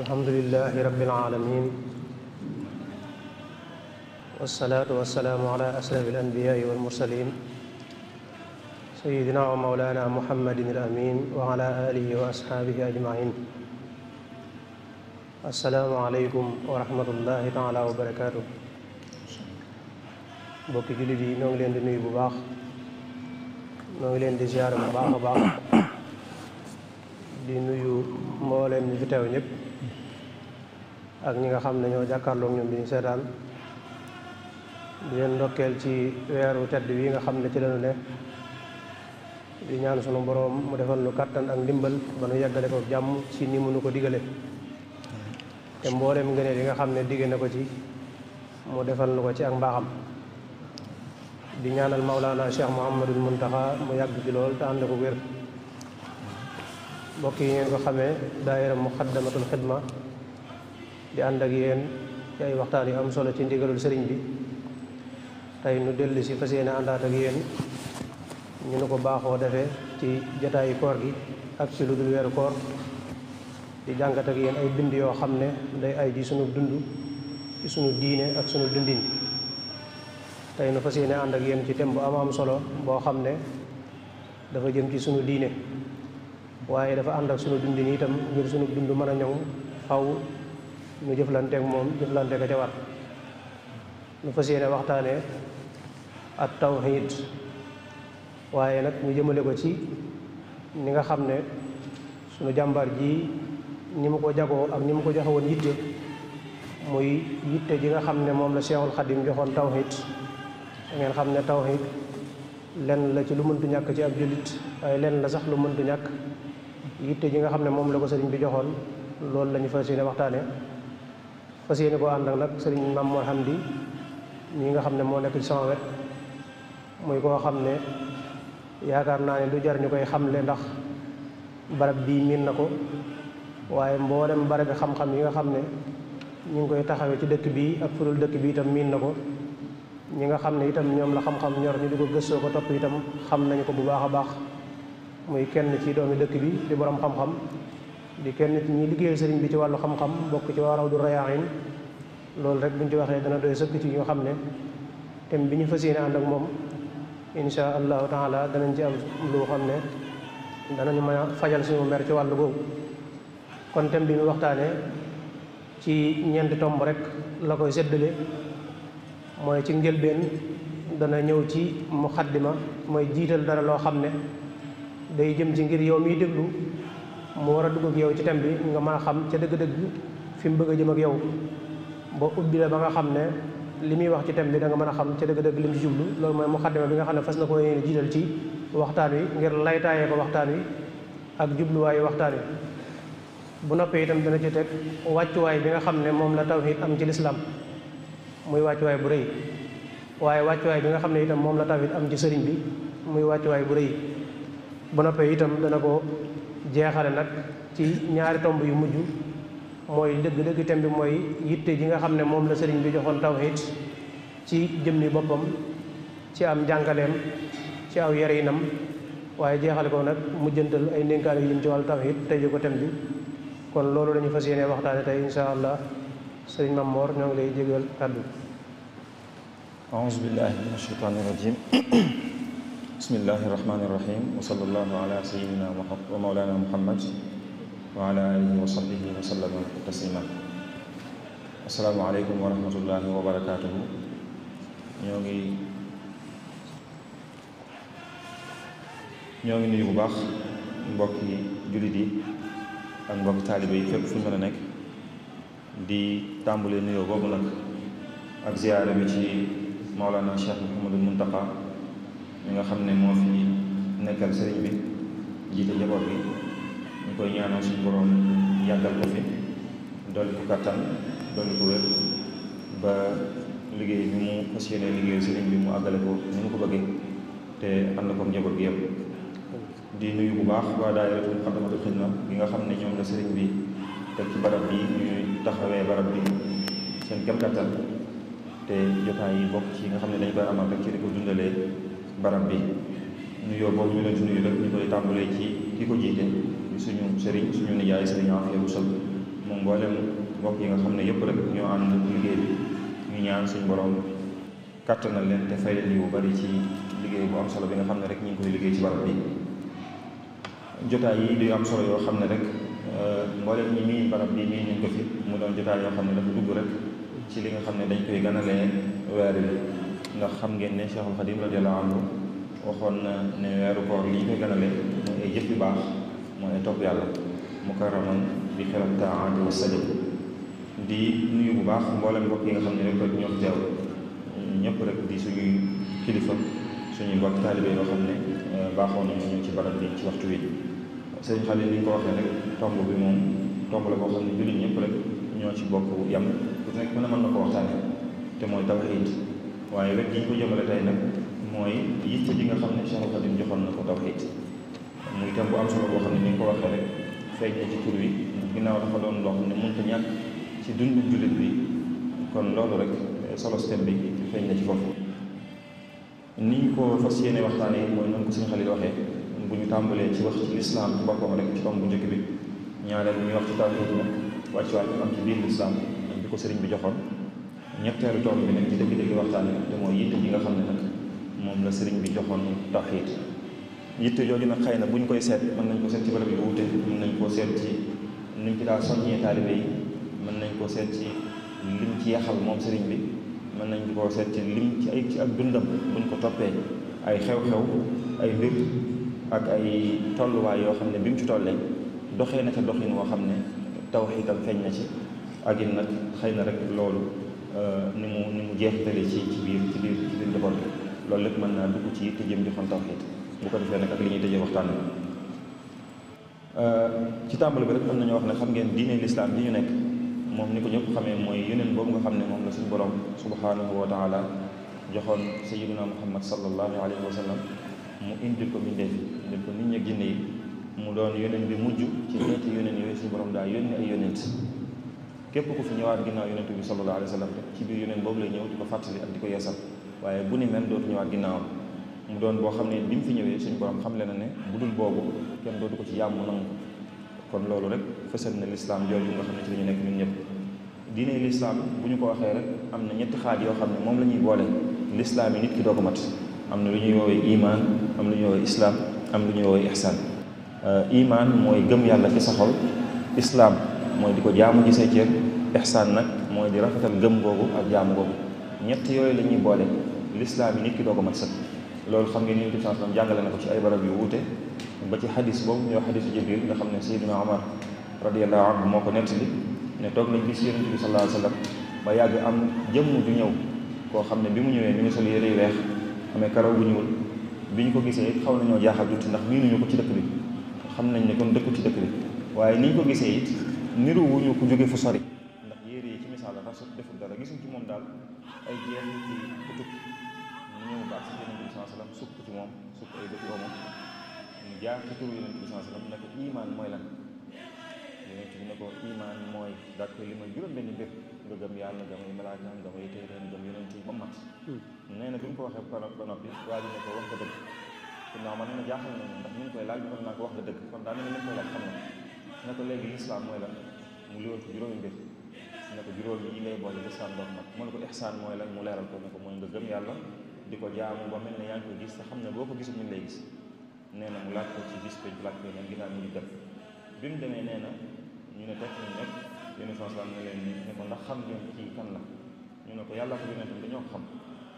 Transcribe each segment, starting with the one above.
الحمد لله رب العالمين والصلاة والسلام على أسلف الأنبياء والمرسلين سيدنا ومولانا محمد الأمين وعلى آله وأصحابه أجمعين السلام عليكم ورحمة الله تعالى وبركاته بوكي jullit دي ñoo لين دي نوي nuyu bu baax ñoo ngi leen di ziyaar bu baax a baax di ak ñi nga xam ne ñoo jàkkaarloog ñoom bi ñu seetaan di leen ndokkeel ci weeru tedd wi nga xam ne ci lanu ne di ñaan sunu boroom mu defal nu kàttan ak ndimbal ba nu yàggale ko jàmm ci ni mu nu ko digale te mboolem ngëneel yi nga xam ne digge na ko ci mu defal nu ko ci ak mbaaxam di ñaanal Mawlaana Cheikh Mouhamadul Muntaxa mu yàgg ci lool te ànd ko wér mbokk yi ngeen ko xamee daayira Muxaddamatul Xidma di ànd ak yéen ci ay waxtaan yu am solo ci ndigalul sëriñ bi tey nu dellu si fas yéene àndaat ak yéen ñu bahwa ko baaxoo defee ci jataayu koor gi ak ci lu dul weeru koor di jàngat ak yéen ay bind yoo xam ne day ay ji sunu dund ci sunu diine ak sunu dundin tey nu fas ànd ak yéen ci am am solo boo xam ne dafa jëm ci sunu diine waaye dafa ànd ak sunu dundin itam ngir sunu dund mën a ñëw nu jëflanteeg moom jëflante ga ca war nu fas yéene waxtaane ak tawxiid waaye nag ñu jëmale ko ci ni nga xam ne sunu jàmbaar ji ni mu ko jagoo ak ni mu ko joxe woon yitte mooy yitte ji nga xam ne moom la Seexul Xadim joxoon taw tawxiid a ngeen xam ne tawxiid lenn la ci lu mëntu ñàkk ci ab jullit waaye lenn la sax lu mëntu ñàkk yitte ji nga xam ne moom la ko sëriñ bi joxoon loolu la ñu fas yéene waxtaane fas yéene koo ànd ak nag sëriñ Mame Mor Hamdi mi nga xam ne moo nekk ci sama wet muy koo xam ne yaakaar naa ne du jar ñu koy xamle ndax barab bii miin na ko waaye mboolem barabi xam-xam yi nga xam ne ñu ngi koy taxawee ci dëkk bii ak furul dëkk bi itam miin na ko ñi nga xam ne itam ñoom la xam-xam ñor ñu di ko gëstoo ko topp itam xam nañu ko bu baax a baax muy kenn ci doomi dëkk bi di borom xam-xam di kenn ci ñi liggéeyal sëriñ bi ci wàllu xam-xam bokk ci waa Rawdu Rayaahin loolu rek buñ ci waxee dana doy sëkk ci ñu xam ne thème bi ñu fas yéene ànd ak moom insha allahu taala danañ ci am lu xam ne danañu mën a fajal suñu mer ci wàllu boobu kon thème bi ñu waxtaanee ci ñeenti tomb rek la koy séddale mooy ci njëlbeen dana ñëw ci ma mooy jiital dara loo xam ne day jëm ci ngir yow miy déglu mu war a dugg ak yow ci thème bi nga man a xam ca dëgg-dëgg fi mu bëgg a jëm ak yow ba ubbi la ba nga xam ne li muy wax ci tem bi da nga mën a xam ca dëgg-dëgg li ci jublu loolu mooy muqaddima bi nga xam ne fas na ko yéene jiital ci waxtaan wi ngir laytaayee ko waxtaan wi ak jubluwaayu waxtaan wi bu noppee itam dana ci teg wàccuwaay bi nga xam ne moom la tawhid am ci lislaam muy wàccuwaay bu rëy waaye wàccuwaay bi nga xam ne itam moom la tawhid am ci sëriñ bi muy wàccuwaay bu rëy bu noppee itam dana ko jeexale nag ci ñaari tomb yu mujj mooy dëgg-dëgg thème bi mooy yitte ji nga xam ne moom la sëriñ bi joxoon tawhid ci jëmmi boppam ci am njàngaleem ci aw yarinam waaye jeexale ko nag mujjantal ay ndénkaane yu jëm ci wàllu tawhid tëje ko thème bi kon loolu lañu fas yéene waxtaane tey insha allah sëriñ Mame Mor ñoo ngi lay jégal kàddu auzu billahi mina shaytaani rajim بسم الله الرحمن الرحيم وصلى الله على سيدنا ومولانا محمد وعلى اله وصحبه وسلم تسليما السلام عليكم ورحمه الله وبركاته نيوغي نيوغي نيو بو باخ مبوكي جوليدي ak mbokk talibé yi fépp fu mëna nek di tambulé nuyo bobu nak ak ziaré bi ci مولانا شيخ محمد المنتقى mi nga xam ne moo fi nekkal sëriñ bi jiite njaboot bi ñu koy ñaanal suñu borom yàggal ko fi dolli ko kattan dolli ko wér ba liggéey bi mu fas yéene liggéey sëriñ bi mu àggale ko ni mu ko bëggee te ànd ko njaboot gi yëpp di nuyu bu baax waa daayiratul Muxaddamatul Xidma bi nga xam ne ñoom la sëriñ bi teg ci barab bi ñuy taxawee barab bi seen kem kattan te jotaay yi bokk ci nga xam ne dañ koy amal rek ci ko dundalee barab bi nuyoo boobu ñu leen ci nuyu rek ñu koy tàmbalee ci ki ko jiite suñu sëriñ suñu nijaay sëriñ Afia bu sol moom mbooleem mbokk yi nga xam ne yëpp rek ñoo ànd liggéey bi ñu ñaan suñu borom kattanal leen te fay leen yu bari ci liggéey bu am solo bi nga xam ne rek ñu ngi koy liggéey ci barab bi. jotaay yi di am solo yoo xam ne rek euh, mboolem ñi mii barab bi mii ñu ko fi mu doon jotaay yoo xam ne dafa dugg rek ci li nga xam ne dañ koy ganalee weer bi. ndax xam ngeen ne Cheikhul Khadim radiyallahu anhu waxoon na ne weeru koor li ñu koy ganale mooy ay jëf yu baax mooy ay topp yàlla mukaraman bi xelam taati wa sadab di nuyu bu baax mboolem mbokk yi nga xam ne rek ñoo fi teew ñëpp kilifa suñuy mbokk taalibe yoo ne euh, baaxoon ñu ci barab bi ci waxtu wi sëñ Xalil ni ñu ko waxee rek tomb bi moom tomb la boo xam ne jullit ñëpp rek ñoo ci bokk yam ku nekk mën a na ko waxtaane te mooy tawhiid waaye wet gi ko jëmale tey nag mooy yitte ji nga xam ne Cheikhul Khadim joxoon na ko tawhid muy itam bu am solo boo xam ne ni nga ko waxee rek fekk ci tur wi ginnaaw dafa doon loo xam ne mënta ñàkk ci dund jullit bi kon loolu rek solo thème bi feeñ na ci foofu ni ñu ko fas yéene waxtaanee mooy noonu ko suñu xalit waxee bu ñu tàmbalee ci wax ci lislaam ci boppam rek ci tomb bu njëkk bi ñaareel bu ñuy wax ci tawhid nag wàcc wàcc am ci biir lislaam bi ko sëriñ bi joxoon ñetteelu tool bi nag ci dëgg-dëgg waxtaan bi nga xam ne nag moom la sëriñ bi joxoon tawxiid yitte jooju nag xëy na buñ koy seet mën nañ ko seet ci barab yu wuute mën nañ koo seet ci nuñ ci daa soññee taalibe yi mën nañ koo seet ci ci yaxal moom sëriñ bi mën nañ koo seet ci lim ci ay ci ak dundam buñ ko toppee ay xew-xew ay mbir ak ay tolluwaay yoo xam ne bi mu ci tollee doxee na ca doxin woo xam ne tawxiital feeñ na ci ak it nag xëy na rek loolu Euh, ni mu ni mu jeexitale ci ci biir ci biir ci biir njaboot bi loolu lépp mën naa dugg ci te jëm di xam bu ko defee nag ak li ñuy tëjee waxtaan euh, ci tàmbali bi rek am nañu wax ne xam ngeen diine lislaam bi ñu nekk moom ni ko ñëpp xamee mooy yeneen boobu nga xam ne moom la suñu borom subhanahu wa taala joxoon sayyiduna muhammad sallallahu alayhi wa sallam mu indil ko mbindeef yi indil ko nit ñi ak jinne yi mu doon yeneen bi mujj ci ci yeneen yooyu suñu borom daal yónni ay yonent képp ku fi ñëwaat ginnaaw yonent bi sallallahu alayhi wa sallam rek ci biir yonent boobu lay ñëw di ko fàttali ak di ko yeesal waaye bu ni même dootu ñëwaat ginnaawam mu doon boo xam ne bi mu fi ñëwee suñu borom xam le na ne bu dul boobu kenn dootu ko ci yàmm nangu kon loolu rek fësal na lislaam jooju nga xam ne ci la ñu nekk ñun ñëpp diine lislaam bu ñu ko waxee rek am na ñetti xaat yoo xam ne moom la ñuy boole lislaam yi nit ki doo ko si am na lu ñuy woowee iman am lu ñuy islaam am lu ñuy woowee ihsaan euh, iman mooy gëm yàlla ci sa islaam mooy di ko jaamu ci say cër ihsaan nag mooy di rafetal gëm googu ak jaamu googu ñett yooyu la ñuy boole lislaam yi nit ki doo ko mat loolu xam ngeen Yonent bi sallallahu alayhi jàngale na ko ci ay barab yu wuute ba ci xadis boobu ñoo xadisu Jibril nga xam ne Sayyidina Omar radiyallahu anhu moo ko nettali ne toog nañ gis Yonent bi sallallahu alayhi wasallam ba yàgg am jëmm ju ñëw koo xam ne bi mu ñëwee mi ngi sol yére yu weex amee karaw bu ñu ko gisee it xaw nañoo jaaxal tuuti ndax miinuñu ko ci dëkk bi xam nañ ne kon dëkku ci dëkk bi waaye ni ko gisee it niru wuñu ku jóge fu sori ndax yére yi ci misaal la rasul deful dara gisuñ ci moom daal ay jeex ci ba ak si yonent bi saa sallam sukk ci moom sukk ay bëti oomam mu jaar ci turu yonent bi saa sallam ne ko iman mooy lan yonent bi ne yi ba mat hmm. nee na bi mu ko waxee ba noppi waa ji ne ko wax nga dëgg ginnaaw man na jaaxal na ndax ñu ngi koy laaj bi mën naa ko wax nga dëgg kon daa mel ni ñu koy laaj xam na ne ko léegi lislaam mooy lan mu liwal ko juróomi mbir ne ko juróomi yi lay boole lislaam doon mag mu ne ko ixsaan mooy lan mu leeral ko ne ko mooy nga gëm yàlla di ko jaamu ba mel ne yaa ngi ko gis sa xam ne boo ko gisul ñu lay gis nee na mu laaj ko ci gis pénc laaj ko nag ginnaaw ñu ngi dem bi mu demee nee na ñu ne teg nañ nekk yéen a ne leen ni ne ko ndax xam ngeen kii kan la ñu ne ko yàlla ko yonentam dañoo xam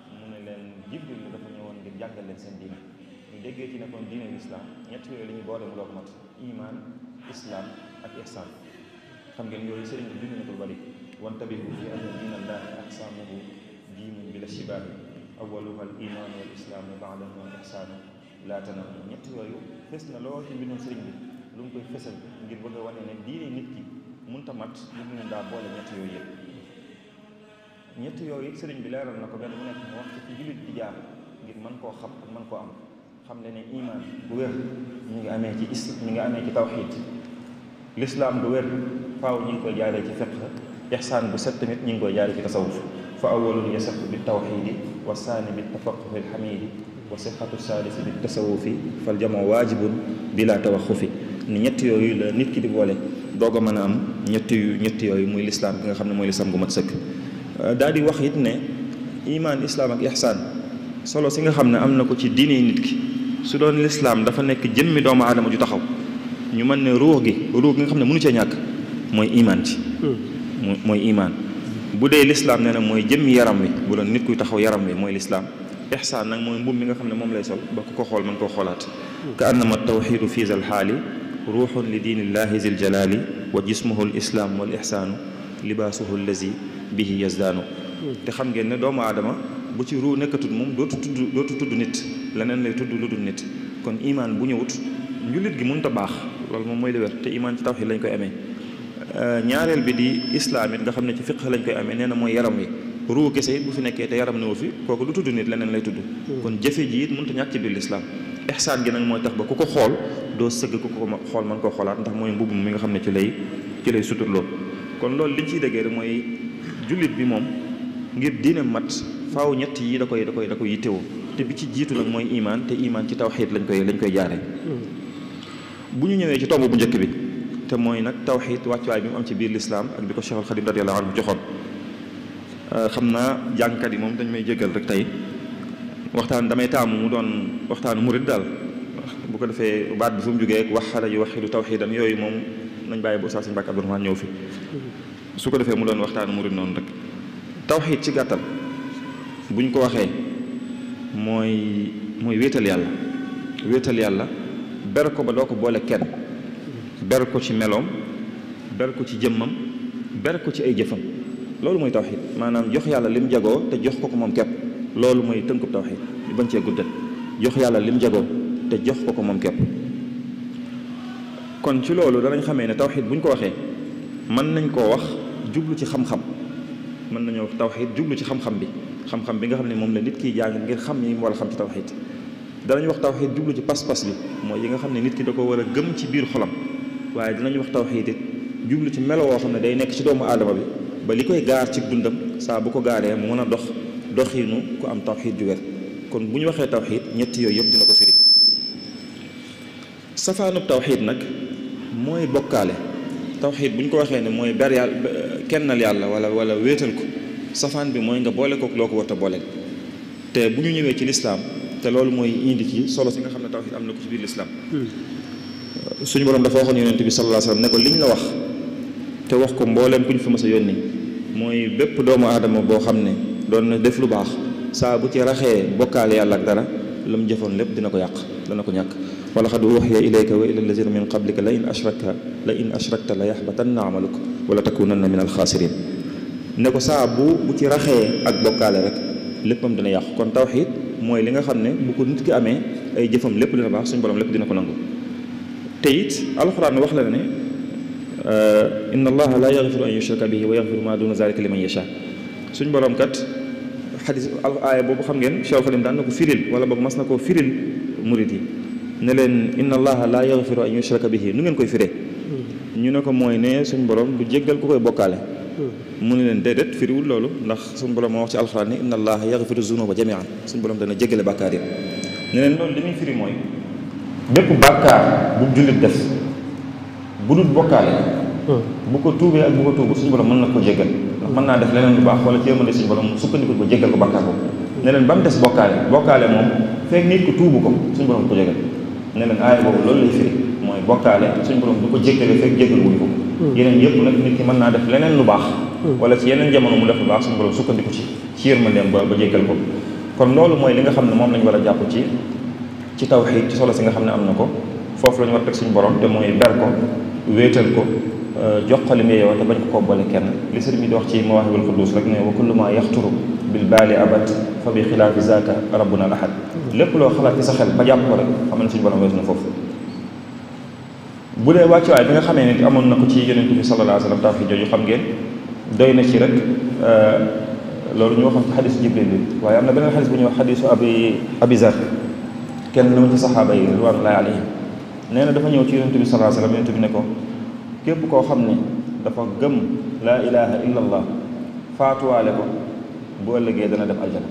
mu ne leen jibril la dafa ñëwoon ngir jàngal leen seen diine ñu ci ne kon diine lislaam ñett yooyu la ñuy boole mu doog mat islaam ak ihsaan xam ngeen yooyu sëriñ bi bind na ko lu bari wan tabihu fi anna diina allaahi aqsaamuhu diinun bila shibaahi awaluha al imaanu wal islaamu baadahu al ihsaanu laa tanamu ñett yooyu fes na lool ci mbindum sëriñ bi lu mu koy fesal ngir bëgg a wane ne diine nit ki munta mat lu daa boole ñett yooyu yëpp ñett yooyu sëriñ bi leeral na ko benn mu nekk mu wax ci jullit di jaar ngir man koo xam ak mën koo am xam le ne iman bu wér ñu ngi amee ci is ñu ngi amee ci tawxid lislaam bu wér faaw ñu ngi koy jaaree ci fiq ixsaan bu set tamit ñu ngi koy jaaree ci tasawuf fa awalun yasaq bi tawxidi wa saani bi tafaquhi alxamidi wa sixatu saalisi bi tasawufi fal jamo waajibun bila tawaxufi ni ñett yooyu la nit ki di boole doog a mën a am ñett yu ñett yooyu muy lislaam bi nga xam ne mooy lislaam gu mat sëkk daa di wax it ne iman islam ak ixsaan solo si nga xamne amna ko ci diine nit ki su doon l'islam dafa nek jëmmi doomu aadama ju taxaw ñu man ne ruh gi ruh nga xamne mënu ci ñak moy iman ci moy iman bu dé l'islam néna moy mooy jëmmi yaram wi bu doon nit ku taxaw yaram wi moy l'islam ihsan nak moy mbum mi nga xamne mom lay sol ba ko ko xol man ko xoolaat ka annama tawhid fi zal hali ruuxun li diinillahi zil jalaali wa jismuhu lislaam wal ixsaanu libaasuhu allazi bihi yazdaanu te xam ngeen ne doomu aadama bu ci ruu nekkatul moom dootu tudd dootu tudd nit leneen lay tudd lu dul nit kon imaan bu ñëwut njullit gi mënut a baax loolu moom mooy li wér te imaan ci tawxiid lañ koy amee ñaareel bi di islaam it nga xam ne ci fiqh lañ koy amee nee na mooy yaram wi ruu kese it bu fi nekkee te yaram newu fi kooku du tudd nit leneen lay tudd kon jëfe ji it mënut a ñàkk ci biir lislaam ixsaan gi nag mooy tax ba ku ko xool doo sëgg ku ko xool mën koo xoolaat ndax mooy mbubb mi nga xam ne ci lay ci lay suturloo kon loolu liñ ciy déggee rek mooy jullit bi moom ngir diine mat faaw ñett yi da koy da koy da koy yittewoo te bi ci jiitu nag mooy imaan te imaan ci tawxiid lañ koy lañ koy jaare hmm. bu ñu ñëwee ci tomb bu njëkk bi te mooy nag tawxiid wàccuwaay bi mu am ci biir lislaam ak bi ko Cheikhul Xadim radiyallahu anhu joxoon euh, naa jàngkat yi moom dañ may jégal tey waxtaan damay taamu mu doon waxtaanu murid daal bu ko defee baat bi fu mu jógee wax xale yu waxidu tawxiidan yooyu moom nañ bàyyi ba Oustaz Mbàkke Abdourahmane ñëw fi hmm. su ko defee mu doon waxtaanu murid noonu rek tawxiid ci gàttal buñ ko waxee mooy mooy wéetal yàlla wéetal yàlla ber ko ba doo ko boole kenn ber ko ci meloom ber ko ci jëmmam ber ko ci ay jëfam loolu mooy tawxiid maanaam jox yàlla lim jagoo te jox ko ko moom képp loolu mooy tënkub tawxiid bañ cee guddal jox yàlla lim jagoo te jox ko ko moom kon ci loolu danañ xamee ne tawxiid bu ñu ko waxee mën nañ koo wax jublu ci xam-xam mën nañoo tawxiid jublu ci xam-xam bi xam-xam bi nga xam ne moom la nit kiy jàng ngir xam yi mu war a xam ci tawxid danañ wax tawxid jublu ci pas-pas bi mooy yi nga xam ne nit ki da ko war a gëm ci biir xolam waaye dinañ wax tawxid it jublu ci melo woo xam ne day nekk ci doomu aadama bi ba li koy gaar ci dundam saa bu ko gaaree mu mën a dox doxiinu ku am tawxid ju wér kon bu ñu waxee tawxid ñett yooyu yëpp dina ko firi safaanub tawxid nag mooy bokkaale tawxid bu ñu ko waxee ne mooy ber yàlla kennal yàlla wala wala wéetal ko safan bi moy nga bolé ko loko ko warta boole te buñu ñëwé ci l'islam te loolu moy indi ci solo ci nga xam tawhid amna ko ci bir l'islam suñu borom dafa waxon yonent bi sallallahu alayhi wasallam ne ko liñ la wax te wax ko mbolé ku ñu fi mas a yónni mooy doomu adama bo xamné doon na def lu bax sa bu ci raxé bokal yàlla ak dara lam jëfoon lépp dina ko yàq dana ko ñak wala xad uxiya ilayka wa ila allazina min qablika la in ashrakta la in ashrakta la yaxbatanna amaluka wala takunanna min al khasirin neko sa bu bu ci raxé ak bokalé rek léppam dina yàqu kon tawhid moy li nga xamné bu ko nit ki amé ay jëfëm lépp dina baax suñu borom lépp dina ko nangu teyit it wax la ne inna allaha la yaghfiru an yushraka bihi wa yaghfiru ma duna zalika liman yasha suñu borom kat hadith al aaya boobu xam ngeen Cheikh khalim dan nako firil wala bok mas nako firil murid yi ne len inna allaha la yaghfiru an yushraka bihi nu ngeen koy firé ñu ne ko mooy ne suñu borom du jéggal ku koy bokalé mu ne leen déedéet firiwul loolu ndax suñu borom moo wax ci alxuraan ni inna allaha yaxfiru zunuba jamian suñu borom dana jégale bàkkaar yi ne leen loolu li muy firi mooy bépp bàkkaar bu jullit def bu dul bokkaale bu ko tuubee bu ko tuubu suñu mën na ko jéggal ndax mën naa def leneen lu baax wala ci yërmande suñu borom sukkandiku ko jéggal ko bàkkaar boobu ne leen ba mu des bokkaale moom fekk ko tuubu ko suñu ko jéggal ne leen aaya boobu loolu lay firi mooy bokkaale suñu borom du ko jéggale fekk jéggal wuñu ko yeneen yëpp nag nit ki mën naa def leneen lu baax wala ci yeneen jamono mu def lu baax suñu borom sukkandiku ci ci yërmandeem ba ba jéggal ko kon loolu mooy li nga xam ne moom lañu war a jàpp ci ci taw tawxiid ci solo si nga xam ne am na ko foofu la ñu war a teg suñu borom te mooy ber ko wéetal ko jox ko li muy yow te bañ ko koo boole kenn li sëriñ bi di wax ci mawaahibul quddus rek ne wa kullu ma yaxturu bil baali abat fa bi xilaafi zaaka rabbuna al lépp loo xalaat ci sa xel ba jàpp ko rek xam ne suñu borom wees na foofu bu dee wàccuwaay bi nga xamé ni amon nako ko ci yonent bi sallallahu alayhi wasallam sallam daa fi jooju xam ngeen doy na ci rek loolu ñu waxoon ci jibril bi waaye am na beneen bu ñuy wax xadisu abi abi zar kenn la ci saxaaba yi ridwanullahi alayhim nee na dafa ñëw ci yonent sallallahu alayhi wa sallam ne ko képp koo xam dafa gëm laa ilaha illa allah faatuwaale ko bu ëllëgee dana dem aljana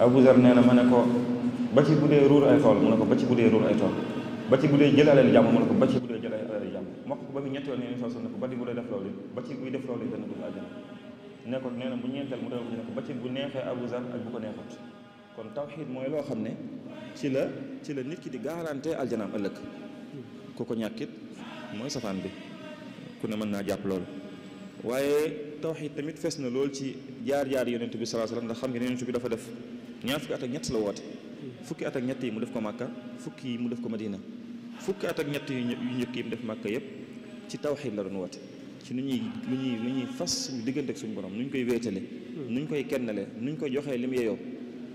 abu zar nee na ko ba ci bu dee ay tol mu ne ko ba ci bu dee ay tol ba ci bu jëlalé jàmm mu ne ko ba ci mokk ko ba mu ñetti yoon yéen soo ne ko ba di bu dee def loolu ba ci buy def loolu dana dugg àjjana ne ko nee bu mu dana ko ne ko ba ci bu neexee Abu Zar ak bu ko neexut kon tawxiid mooy loo xam ne ci la ci la nit ki di garanté aljanaam ëllëg ku ko ñàkkit mooy safaan bi ku ne mën naa jàpp lool waaye tawxiid tamit fees na lool ci jaar-jaar yonent bi sallallahu alayhi wasallam ndax xam ngeen yonent bi dafa def ñaar fukki at ak ñett la woote fukki at ak ñett yi mu def ko Màkka fukki yi mu def ko Madina fukki ak ñett yu def Màkka yépp ci tawxiid la doon woote ci nu ñuy nu ñuy nu ñuy fas suñu diggante ak suñu borom nu ñu koy wéetale nu ñu koy kennale nu ñu koy joxee li mu yeyoo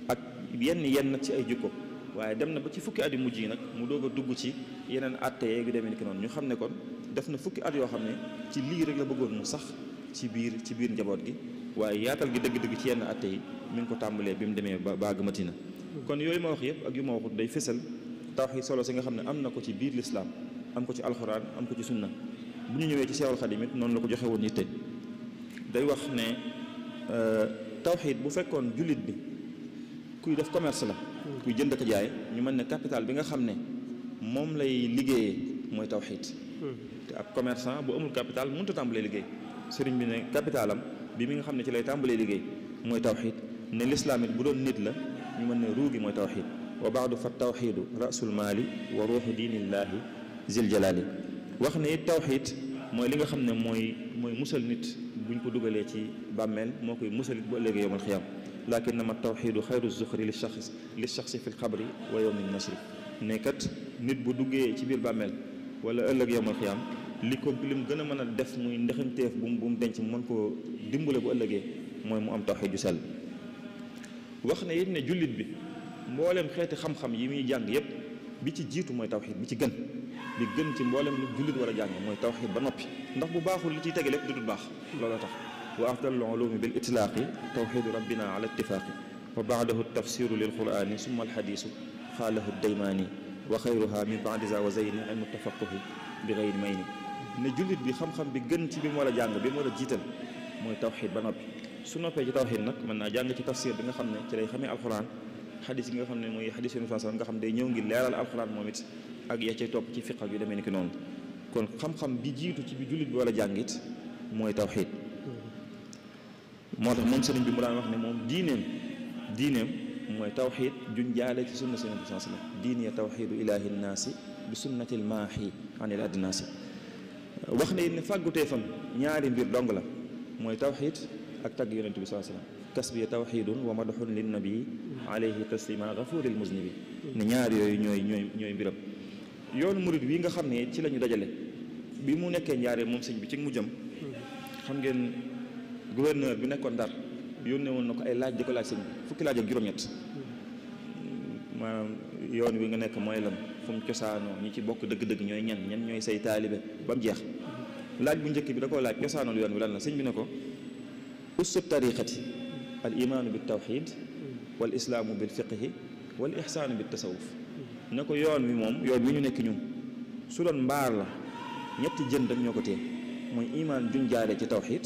ak yenn yenn ci ay jukko waaye dem na ba ci fukki at yu mujj yi nag mu doog a dugg ci yeneen atte yeeg demee ni ki noonu ñu xam ne kon def na fukki at yoo xam ne ci lii rek la bëggoon mu sax ci biir ci biir njaboot gi waaye yaatal gi dëgg-dëgg ci yenn at yi mi ngi ko tàmbalee bi mu demee ba baag matina kon yooyu ma wax yëpp ak yu ma waxut day fésal tawxiid solo si nga xam ne am na ko ci biir lislaam am ko ci alxuraan am ko ci sunna bu ñu ñëwee ci Seexul Xadim it noonu la ko joxe woon yitte day wax ne tawxiid bu fekkoon jullit bi kuy def commerce la kuy jënd ak jaay ñu mën ne capital bi nga xam ne moom lay liggéeyee mooy tawxiid te ab commerçant bu amul capital mënut a tàmbalee liggéey sëriñ bi ne capitalam bi mi nga xam ne ci lay tàmbalee liggéey mooy tawxiid ne lislaam it bu doon nit la ñu mën ne ruu gi mooy tawxiid wa baadu fa tawxiidu rasul maali wa ruuxu diinillaahi zil jalaali wax ne it tawxiid mooy li nga xam ne mooy mooy musal nit buñ ko dugalee ci bàmmeel moo koy musal it bu ëllëgee yowmal xiyaam lakinnama tawxiidu xayru zuxri li shaxs li shaxsi fil xabri wa yowmi nasri ne kat nit bu duggee ci biir bàmmeel wala ëllëg yowmal xiyaam li ko lim gën a mën a def muy ndexamteef bu mu bu mu denc mën koo dimbale bu ëllëgee mooy mu am tawxiid ju sell wax ne it ne jullit bi mbooleem xeeti xam-xam yi muy jàng yépp bi ci jiitu mooy tawxiid bi ci gën li gën ci mboolem lu jullit war a jàng mooy tawxiid ba noppi ndax bu baaxul li ciy tege lépp du dul baax looloo tax wa afdalul ulumi bil itlaaqi tawxiidu rabbina ala ittifaaqi wa baadahu tafsiru lil qurani summa alxadiisu xaalahu daymaani wa xayruha min baadisa wa zeyni ilmu tafaquhi bi gayri may ni ne jullit bi xam-xam bi gën ci bi mu war a jàng bi mu war a jiital mooy tawxiid ba noppi su noppee ci tawxiid nag mën naa jàng ci tafsir bi nga xam ne ci lay xamee alxuraan xadis yi nga xam ne mooy xadis yi nga xam ne day ñëw ngir leeral alxuraan moom it ak ya cay topp ci fiq ak yu demee ni ki noonu kon xam-xam bi jiitu ci bi jullit bi wala jàngit mooy tawxiid moo tax moom sëriñ bi mu daan wax ne moom diineem diineem mooy tawxiid juñ jaale ci sunna sëriñ bi sallallahu alayhi wasallam diine tawxiidu ilaahi naasi bi sunnatil maaxi anil adnaasi wax ne ne fàgguteefam ñaari mbir dong la mooy tawxiid ak tagg yonent bi sallallahu alayhi wasallam kasbiya tawxiidun wa madxun linnabi alayhi taslima gafuril muznibi ne ñaar yooyu ñooy ñooy yoonu murit wi nga xam ne ci la ñu dajale bi mu nekkee njaaree moom sëñ bi ci mu jëm xam ngeen gouverneur bi nekkoon ndar yónnee woon na ko ay laaj di ko laaj sëñ bi fukki laaj ak juróom-ñett maanaam yoon wi nga nekk mooy lan fu mu cosaanoo ñi ci bokk dëgg-dëgg ñooy ñan ñan ñooy say taalibe ba mu jeex laaj bu njëkk bi da koo laaj cosaanul yoon wi lan la sëñ bi ne ko ussu tariqati al imaanu bi tawxid wal islaamu bil fiqhi wal ixsaanu bi tasawuf ne ko yoon wi moom yoon wi ñu nekk ñu su doon mbaar la ñetti jën rek ñoo ko téye mooy imaan juñ jaaree ci tawxiid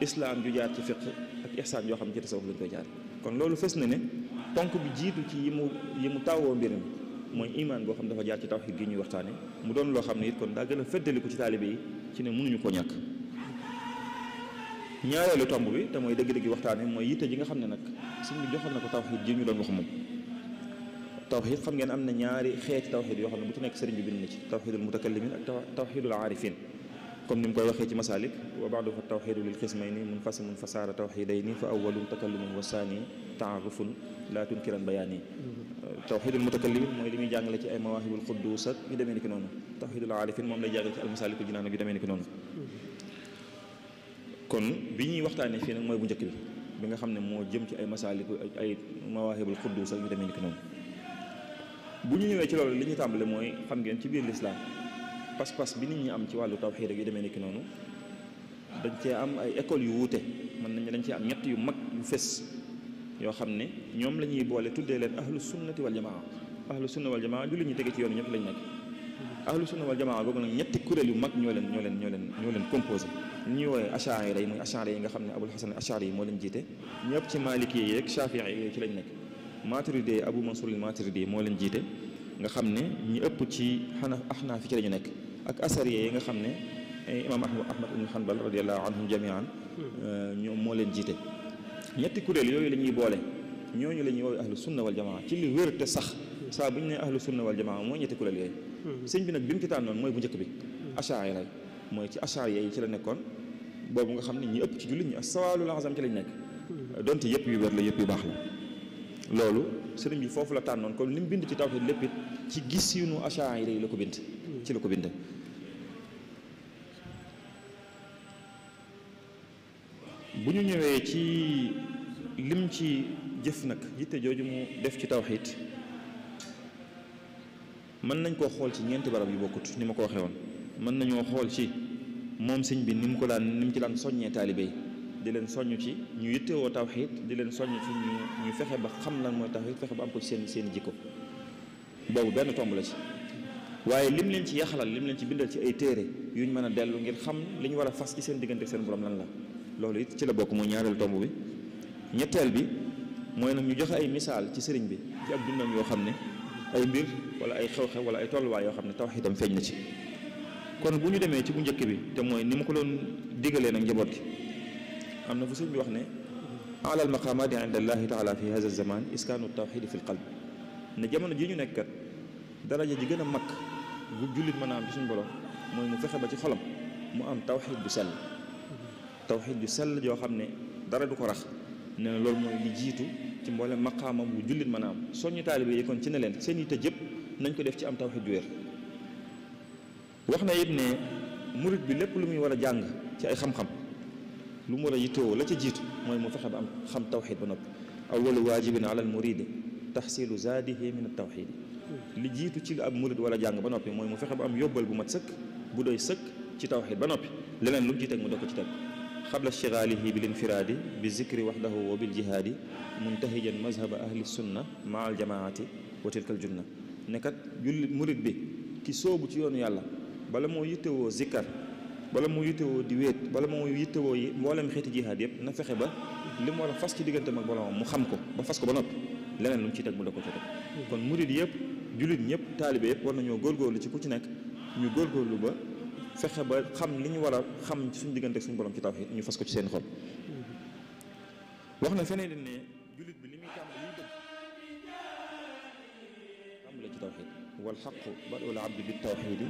islaam ju jaar ci fiq ak ihsaan yoo xam ne ci tasawuf lañ koy jaar kon loolu fës na ne ponk bi jiitu ci yi mu yi mu tawoo mbir mi mooy imaan boo xam dafa jaar ci tawxiid gi ñuy waxtaane mu doon loo xam ne it kon daa gën a ci taalibe yi ci ne mënuñu ko ñàkk ñaareelu tomb bi te mooy dëgg-dëgg waxtaane mooy yitte ji nga xam ne nag suñ bi joxal na ko tawxiid ji ñu doon wax moom التوحيد خم جن أمن ناري خيت توحيد يا خم بتونا كسرين جبين نج التوحيد المتكلمين التوحيد العارفين كم نم قوي خيت مسالك وبعده التوحيد للقسمين منفصل منفصل التوحيدين فأول تكلم وثاني تعرف لا تنكر بياني التوحيد المتكلمين ما يدمي جانلك أي مواهب القدوسة يدمي نكنون التوحيد العارفين ما ملي جانلك المسالك الجنان يدمي نكنون كن بيني وقت أنا فين ما يبون جكلي بينا خم نم جمت أي مسالك أي مواهب القدوسة يدمي نكنون bu ñu ñëwee ci loolu li ñu tàmbale mooy xam ngeen ci biir lislaam pas-pas bi nit ñi am ci wàllu tawxiid ak yu demee nekki noonu dañ cee am ay école yu wuute mën nañu dañ cee am ñett yu mag yu fés yoo xam ne ñoom la ñuy boole tuddee leen ahlu sunnati wal jamaa ahlu sunna wal jamaa julli ñu tege ci yoonu ñëpp lañ nekk ahlu sunna wal boobu nag ñetti kuréel yu mag ñoo leen ñoo leen ñoo leen ñoo leen composé li ñuy woowee achaira yi muy achaira yi nga xam ne abul hasan lañ nekk Maturidi Abu Mansour Maturidi moo leen jiite nga xam ne ñi ëpp ci xana axnaaf fi ci lañu nekk ak asariya yi nga xam ne imaam Ahmad ibnu Hanbal radiallahu anhum jamian ñoom moo leen jiite ñetti kuréel yooyu la ñuy boole ñooñu la ñuy woowee ahlu sunna wal jamaa ci li wér te sax saa bu ñu nee ahlu sunna wal jamaa mooy ñetti kuréel yooyu sëñ bi nag bi mu ci tànnoon mooy bu njëkk bi achaari lay mooy ci achaari yi ci la nekkoon boobu nga xam ne ñi ëpp ci jullit ñi sawaalul azam ci lañ nekk donte yëpp yu wér la yëpp yu baax la loolu sëriñ bi foofu la tànnoon kon li bind ci tawxiid lépp ci gisinu Ash'ari yi la ko bind ci la ko bind bu ñu ñëwee ci lim ci jëf nag yitte jooju mu def ci tawxiid mën nañ koo xool ci ñeenti barab yu bokkut ni ma ko waxee woon mën nañoo xool ci moom sëñ bi ni ko daan ni ci daan soññee taalibe di leen soññ ci ñu yittewoo tawxiid di leen soññ ci ñu ñu fexe ba xam lan mooy tawxiid fexe ba am ko ci seen seen jikko boobu benn tomb la ci waaye lim leen ci yaxalal lim leen ci bindal ci ay téere yuñ mën a dellu ngir xam li ñu war a fas ci seen diggante seen borom lan la loolu it ci la bokk mooy ñaareelu tomb bi ñetteel bi mooy nag ñu joxe ay misaal ci sëriñ bi ci ab dundam yoo xam ne ay mbir wala ay xew-xew wala ay tolluwaay yoo xam ne tawxiidam feeñ na ci kon bu ñu demee ci bu njëkk bi te mooy ni mu ko doon digalee nag njaboot gi أنا فوسي بي واخني على المقامات عند الله تعالى في هذا الزمان اسكان التوحيد في القلب ني جامونو جي ني نيك درجه جي مك بو جوليت مانا ام سون بولو موي مو فخه با سي خولم مو ام توحيد بو سل توحيد بو سل جو خامني دارا دوكو راخ نينا لول موي لي جيتو تي مبول مقامم بو جوليت مانا سوني طالب يي كون سي تجيب نانكو ديف سي ام توحيد وير واخنا يبني مريد بي لب مي ورا جانغ سي اي خام خام lu mu war a yittoo la ca jiitu mooy mu fexe ba am xam tawxid ba noppi awalu waajibin ala al muridi taxsilu zaadihi min al tawxid li jiitu ci ab murid wala jàng ba noppi mooy mu fexe ba am yóbbal bu mat sëkk bu doy sëkk ci tawxid ba noppi leneen lu mu ci teg mu doo ko ci teg xabla shigaalihi bil infiraadi bi zikri waxdahu wa bil jihaadi muntahijan mazhaba ahli sunna maa al jamaati wa tilka al junna ne kat jullit murid bi ki soobu ci yoonu yàlla bala moo yittewoo zikkar bala mu yittewoo di wéet bala mu yittewoo yi mboolem xeeti jihaad yëpp na fexe ba li mu war a fas ci diggante mag boromam mu xam ko ba fas ko ba noppi leneen lu mu ciy teg mu da ko ci teg kon murid yëpp jullit ñëpp taalibe yëpp war nañoo góorgóorlu ci ku ci nekk ñu góorgóorlu ba fexe ba xam li ñu war a xam ci suñu diggante ak suñu borom ci tawhiid ñu fas ko ci seen xol wax na feneen ne jullit bi li muy tàmbali li muy tàmbali ci tawhiid والحق بدأ العبد بالتوحيد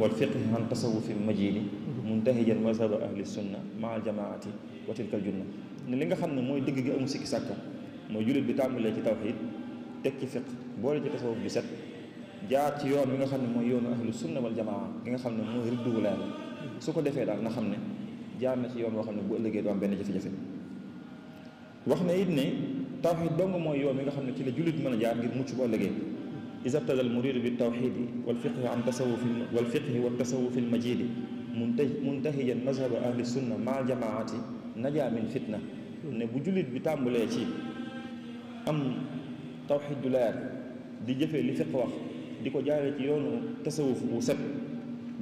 والفقه عن تصوف المجيد منتهجا مذهب اهل السنه مع الجماعه وتلك الجنه ليغا خا نني موي ديغي امو سيكي ساكا موي جوليت بي تامل لي توحيد تكي فقه بولي تي تصوف بي سات جار تي يون ليغا خا نني موي يون اهل السنه والجماعه ليغا خا نني موي ريد دوغلا سوكو ديفي دا نا خا نني جار نا سي يون وخا نني بو ليغي دو ام بن جيفي جيفي واخنا ايت ني توحيد دونغ موي يون ليغا خا نني تي لا جوليت مانا جار غير موتشو بو ليغي إذا ابتدى المرير بالتوحيد والفقه عن تصوف والفقه والتصوف المجيد منتهيا مذهب أهل السنة مع الجماعات نجا من فتنة نبجلد بتعمل شيء أم توحيد دولار دي جفة في وقت دي كو جارة يون تصوف وسب